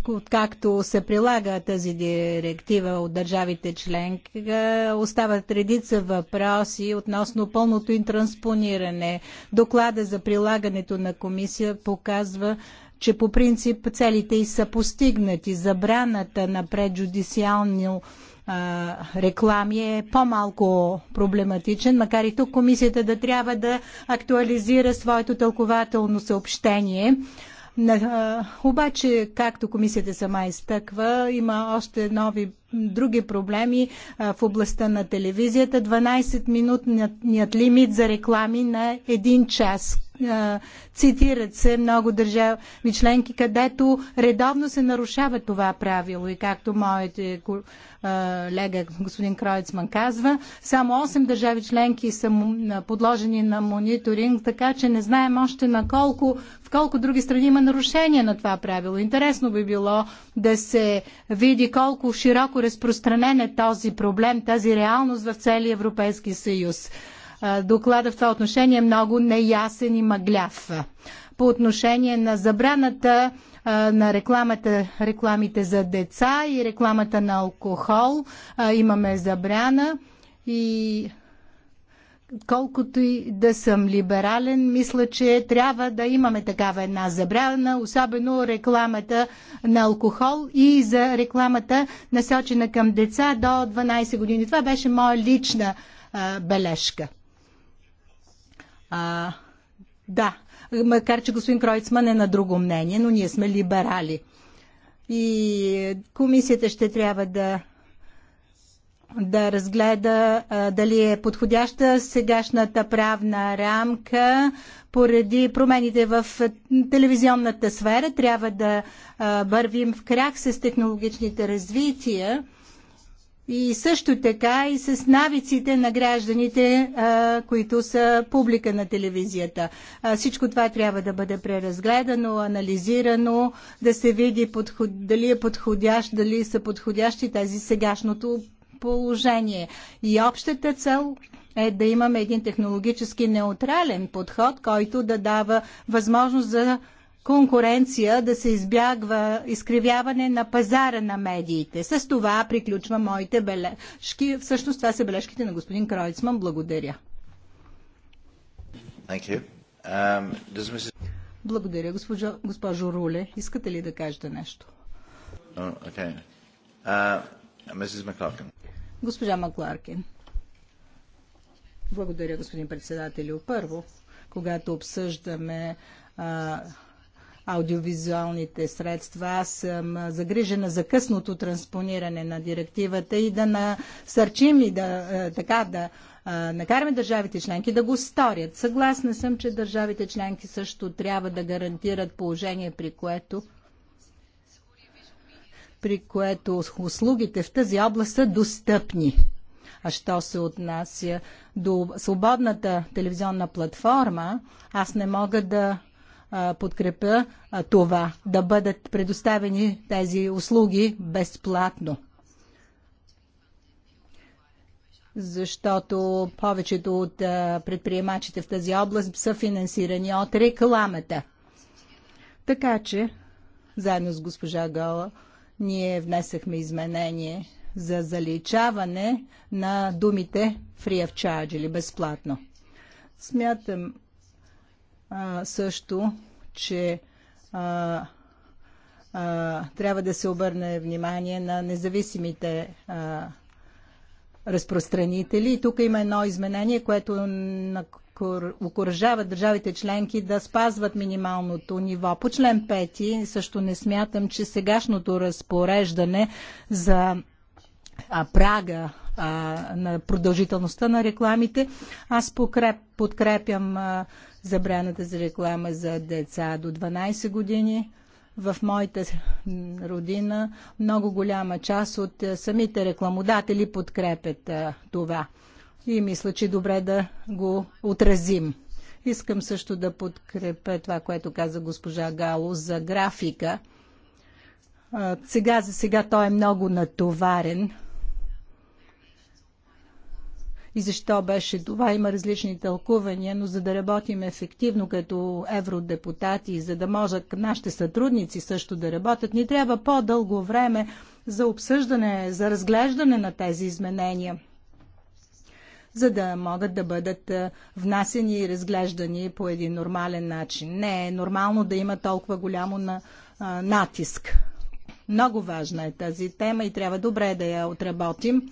откакто се прилага тази директива от държавите членки, остават редица въпроси относно пълното им транспониране. Доклада за прилагането на комисия показва, че по принцип целите й са постигнати. Забраната на преджудициално реклами е по-малко проблематичен, макар и тук комисията да трябва да актуализира своето тълкователно съобщение обаче, както комисията сама изтъква, има още нови други проблеми в областта на телевизията. 12-минутният лимит за реклами на един час, е, цитират се много държави членки, където редовно се нарушава това правило. И както моят колега е, господин Кройцман казва, само 8 държави членки са подложени на мониторинг, така че не знаем още на колко, в колко други страни има нарушение на това правило. Интересно би било да се види колко широко разпространен е този проблем, тази реалност в целия Европейски съюз доклада в това отношение е много неясен и мъгляв. По отношение на забраната на рекламата, рекламите за деца и рекламата на алкохол имаме забрана и колкото и да съм либерален, мисля, че трябва да имаме такава една забрана, особено рекламата на алкохол и за рекламата насочена към деца до 12 години. Това беше моя лична а, бележка. А, да, макар че господин Кройцман е на друго мнение, но ние сме либерали. И комисията ще трябва да да разгледа а, дали е подходяща сегашната правна рамка поради промените в телевизионната сфера. Трябва да а, вървим в крак с технологичните развития и също така и с навиците на гражданите, а, които са публика на телевизията. А, всичко това трябва да бъде преразгледано, анализирано, да се види подход, дали е подходящ, дали са подходящи тези сегашното положение. И общата цел е да имаме един технологически неутрален подход, който да дава възможност за конкуренция, да се избягва изкривяване на пазара на медиите. С това приключва моите бележки. Всъщност това са бележките на господин Кройцман. Благодаря. Um, Mrs... Благодаря, госпожо, госпожо Руле. Искате ли да кажете нещо? Oh, okay. uh, Госпожа Макларкин. Благодаря, господин председателю. Първо, когато обсъждаме аудиовизуалните средства. Аз съм загрижена за късното транспониране на директивата и да насърчим и да, е, така, да е, накараме държавите членки да го сторят. Съгласна съм, че държавите членки също трябва да гарантират положение, при което при което услугите в тази област са достъпни. А що се отнася до свободната телевизионна платформа, аз не мога да подкрепя това, да бъдат предоставени тези услуги безплатно. Защото повечето от предприемачите в тази област са финансирани от рекламата. Така че, заедно с госпожа Гола, ние внесахме изменение за заличаване на думите free of charge или безплатно. Смятам, а, също, че а, а, трябва да се обърне внимание на независимите а, разпространители. И тук има едно изменение, което окоръжава държавите членки да спазват минималното ниво. По член 5 също не смятам, че сегашното разпореждане за а, прага а, на продължителността на рекламите. Аз покреп, подкрепям а, забраната за реклама за деца до 12 години. В моята родина много голяма част от е, самите рекламодатели подкрепят е, това. И мисля, че добре да го отразим. Искам също да подкрепя това, което каза госпожа Гало за графика. Е, сега за сега той е много натоварен и защо беше това. Има различни тълкувания, но за да работим ефективно като евродепутати и за да можат нашите сътрудници също да работят, ни трябва по-дълго време за обсъждане, за разглеждане на тези изменения за да могат да бъдат внасени и разглеждани по един нормален начин. Не е нормално да има толкова голямо на, а, натиск. Много важна е тази тема и трябва добре да я отработим.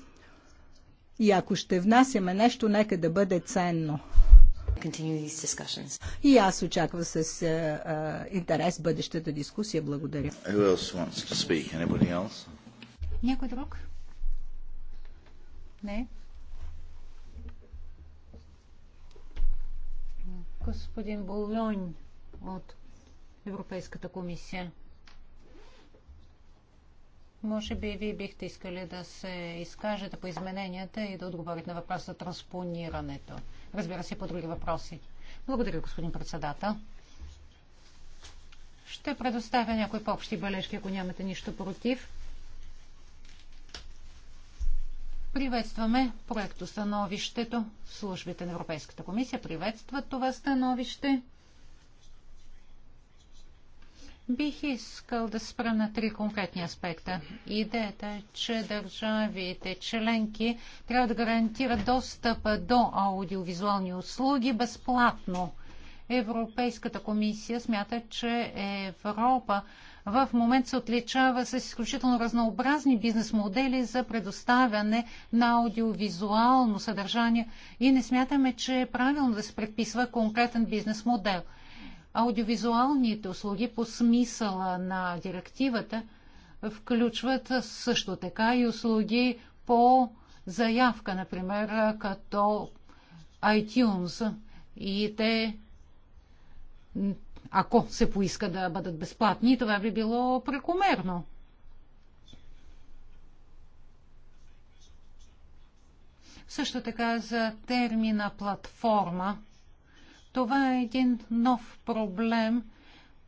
И ако ще внасяме нещо, нека да бъде ценно. И аз очаквам с uh, интерес бъдещата дискусия. Благодаря. Някой друг? Не. Господин Болонь от Европейската комисия. Може би вие бихте искали да се изкажете по измененията и да отговорите на въпроса за транспонирането. Разбира се, по други въпроси. Благодаря, господин председател. Ще предоставя някои по-общи бележки, ако нямате нищо против. Приветстваме проекто становището. Службите на Европейската комисия приветстват това становище. Бих искал да спра на три конкретни аспекта. Идеята е, че държавите членки трябва да гарантират достъпа до аудиовизуални услуги безплатно. Европейската комисия смята, че Европа в момента се отличава с изключително разнообразни бизнес модели за предоставяне на аудиовизуално съдържание и не смятаме, че е правилно да се предписва конкретен бизнес модел – Аудиовизуалните услуги по смисъла на директивата включват също така и услуги по заявка, например, като iTunes. И те, ако се поиска да бъдат безплатни, това би било прекомерно. Също така за термина платформа – това е един нов проблем,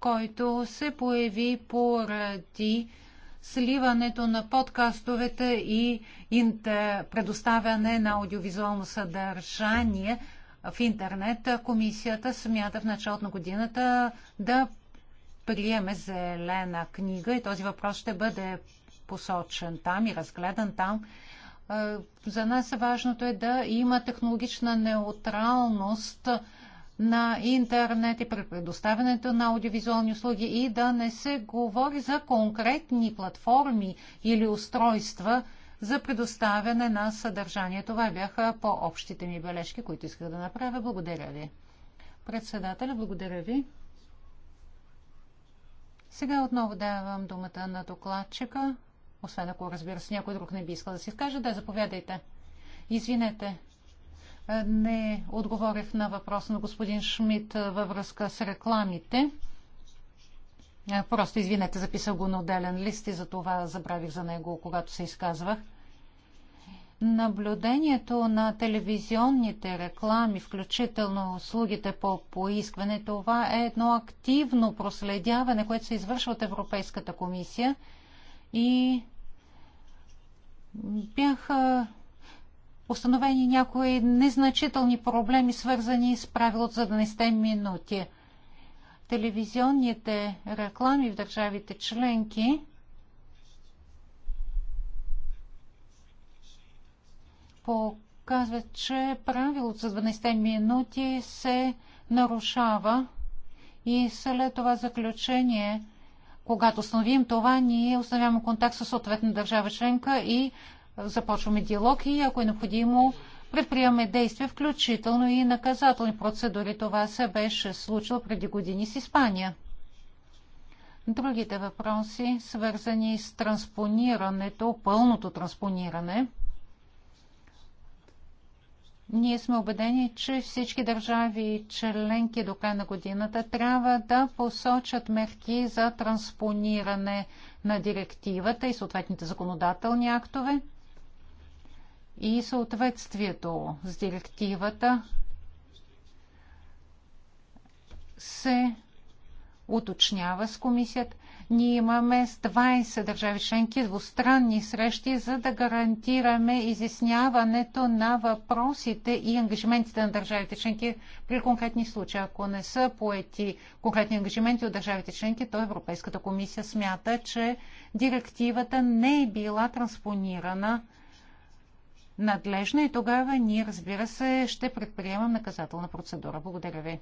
който се появи поради сливането на подкастовете и предоставяне на аудиовизуално съдържание в интернет. Комисията смята в началото на годината да приеме зелена книга и този въпрос ще бъде посочен там и разгледан там. Е, за нас важното е да има технологична неутралност на интернет и при предоставянето на аудиовизуални услуги и да не се говори за конкретни платформи или устройства за предоставяне на съдържание. Това бяха по-общите ми бележки, които исках да направя. Благодаря ви. Председателя, благодаря ви. Сега отново давам думата на докладчика, освен ако, разбира се, някой друг не би искал да си изкаже. Да, заповядайте. Извинете, не отговорих на въпроса на господин Шмидт във връзка с рекламите. Просто, извинете, записах го на отделен лист и за това забравих за него, когато се изказвах. Наблюдението на телевизионните реклами, включително услугите по поискване, това е едно активно проследяване, което се извършва от Европейската комисия и бяха установени някои незначителни проблеми, свързани с правилото за 12 минути. Телевизионните реклами в държавите членки показват, че правилото за 12 минути се нарушава и след това заключение, когато установим това, ние установяваме контакт с съответна държава членка и започваме диалог и ако е необходимо предприемаме действия, включително и наказателни процедури. Това се беше случило преди години с Испания. Другите въпроси, свързани с транспонирането, пълното транспониране, ние сме убедени, че всички държави и членки до края на годината трябва да посочат мерки за транспониране на директивата и съответните законодателни актове и съответствието с директивата се уточнява с комисията. Ние имаме с 20 държави членки двустранни срещи, за да гарантираме изясняването на въпросите и ангажиментите на държавите членки при конкретни случаи. Ако не са поети конкретни ангажименти от държавите членки, то Европейската комисия смята, че директивата не е била транспонирана надлежна и тогава ние, разбира се, ще предприемам наказателна процедура. Благодаря ви.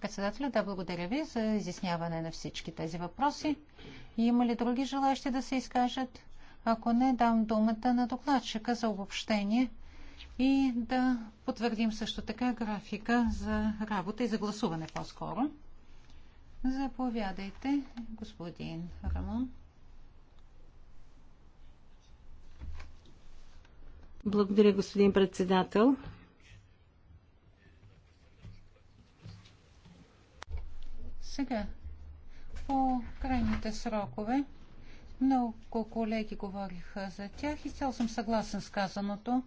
Председателя, да, благодаря ви за изясняване на всички тези въпроси. Има ли други желащи да се изкажат? Ако не, дам думата на докладчика за обобщение и да потвърдим също така графика за работа и за гласуване по-скоро. Заповядайте, господин Рамон. Благодаря, господин председател. Сега, по крайните срокове, много колеги говориха за тях и цял съм съгласен с казаното.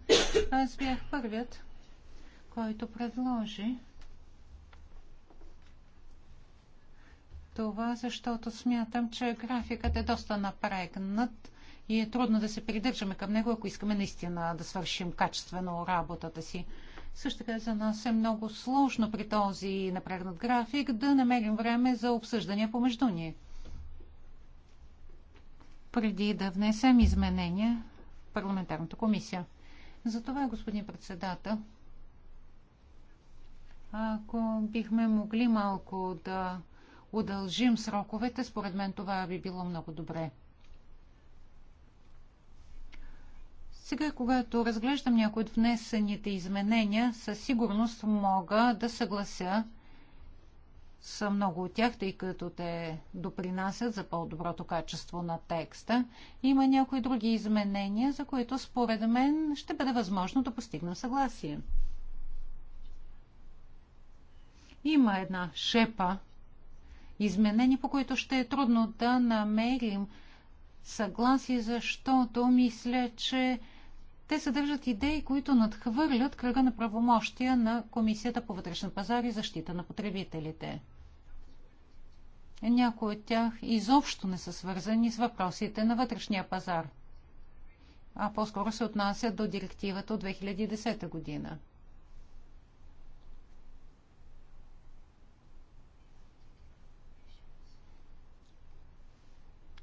Аз бях първият, който предложи това, защото смятам, че графикът е доста напрегнат и е трудно да се придържаме към него, ако искаме наистина да свършим качествено работата си. Също така за нас е много сложно при този напрегнат график да намерим време за обсъждания помежду ни. Преди да внесем изменения в парламентарната комисия. Затова, господин председател, ако бихме могли малко да удължим сроковете, според мен това би било много добре. Сега, когато разглеждам някои от внесените изменения, със сигурност мога да съглася са много от тях, тъй като те допринасят за по-доброто качество на текста. Има някои други изменения, за които според мен ще бъде възможно да постигна съгласие. Има една шепа изменения, по които ще е трудно да намерим съгласие, защото мисля, че те съдържат идеи, които надхвърлят кръга на правомощия на Комисията по вътрешен пазар и защита на потребителите. Някои от тях изобщо не са свързани с въпросите на вътрешния пазар, а по-скоро се отнасят до директивата от 2010 година.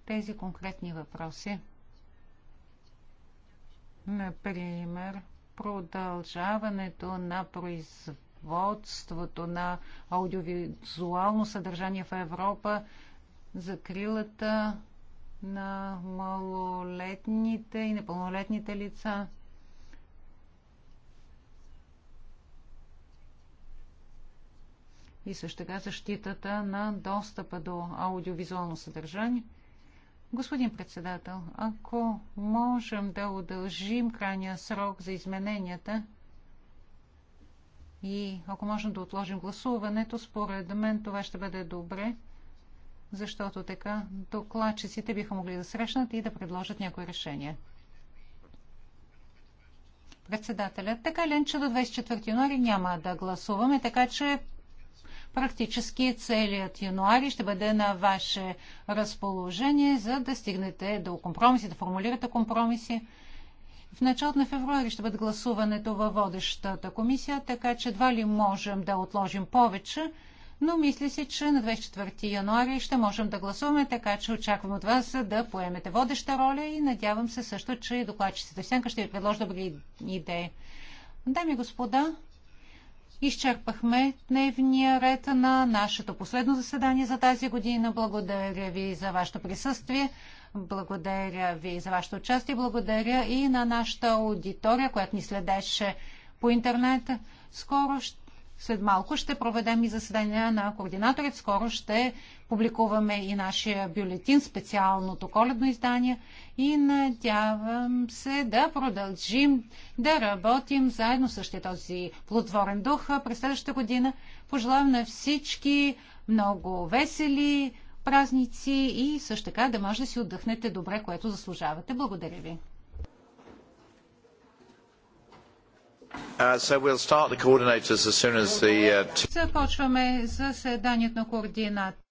Тези конкретни въпроси Например, продължаването на производството на аудиовизуално съдържание в Европа, закрилата на малолетните и непълнолетните лица. И също така защитата на достъпа до аудиовизуално съдържание – Господин председател, ако можем да удължим крайния срок за измененията и ако можем да отложим гласуването, според мен това ще бъде добре, защото така докладчиците биха могли да срещнат и да предложат някои решения. Председателят, така ленче до 24 януари няма да гласуваме, така че Практически целият януари ще бъде на ваше разположение, за да стигнете до компромиси, да формулирате компромиси. В началото на февруари ще бъде гласуването във водещата комисия, така че едва ли можем да отложим повече, но мисля си, че на 24 януари ще можем да гласуваме, така че очаквам от вас да поемете водеща роля и надявам се също, че докладчиците в сянка ще ви предложи добри идеи. Дами и господа, Изчерпахме дневния ред на нашето последно заседание за тази година. Благодаря ви за вашето присъствие. Благодаря ви за вашето участие. Благодаря и на нашата аудитория, която ни следеше по интернет. Скоро ще след малко ще проведем и заседания на координаторите. Скоро ще публикуваме и нашия бюлетин, специалното коледно издание и надявам се да продължим да работим заедно с този плодотворен дух през следващата година. Пожелавам на всички много весели празници и също така да може да си отдъхнете добре, което заслужавате. Благодаря ви. Uh, uh, Започваме заседанието на координат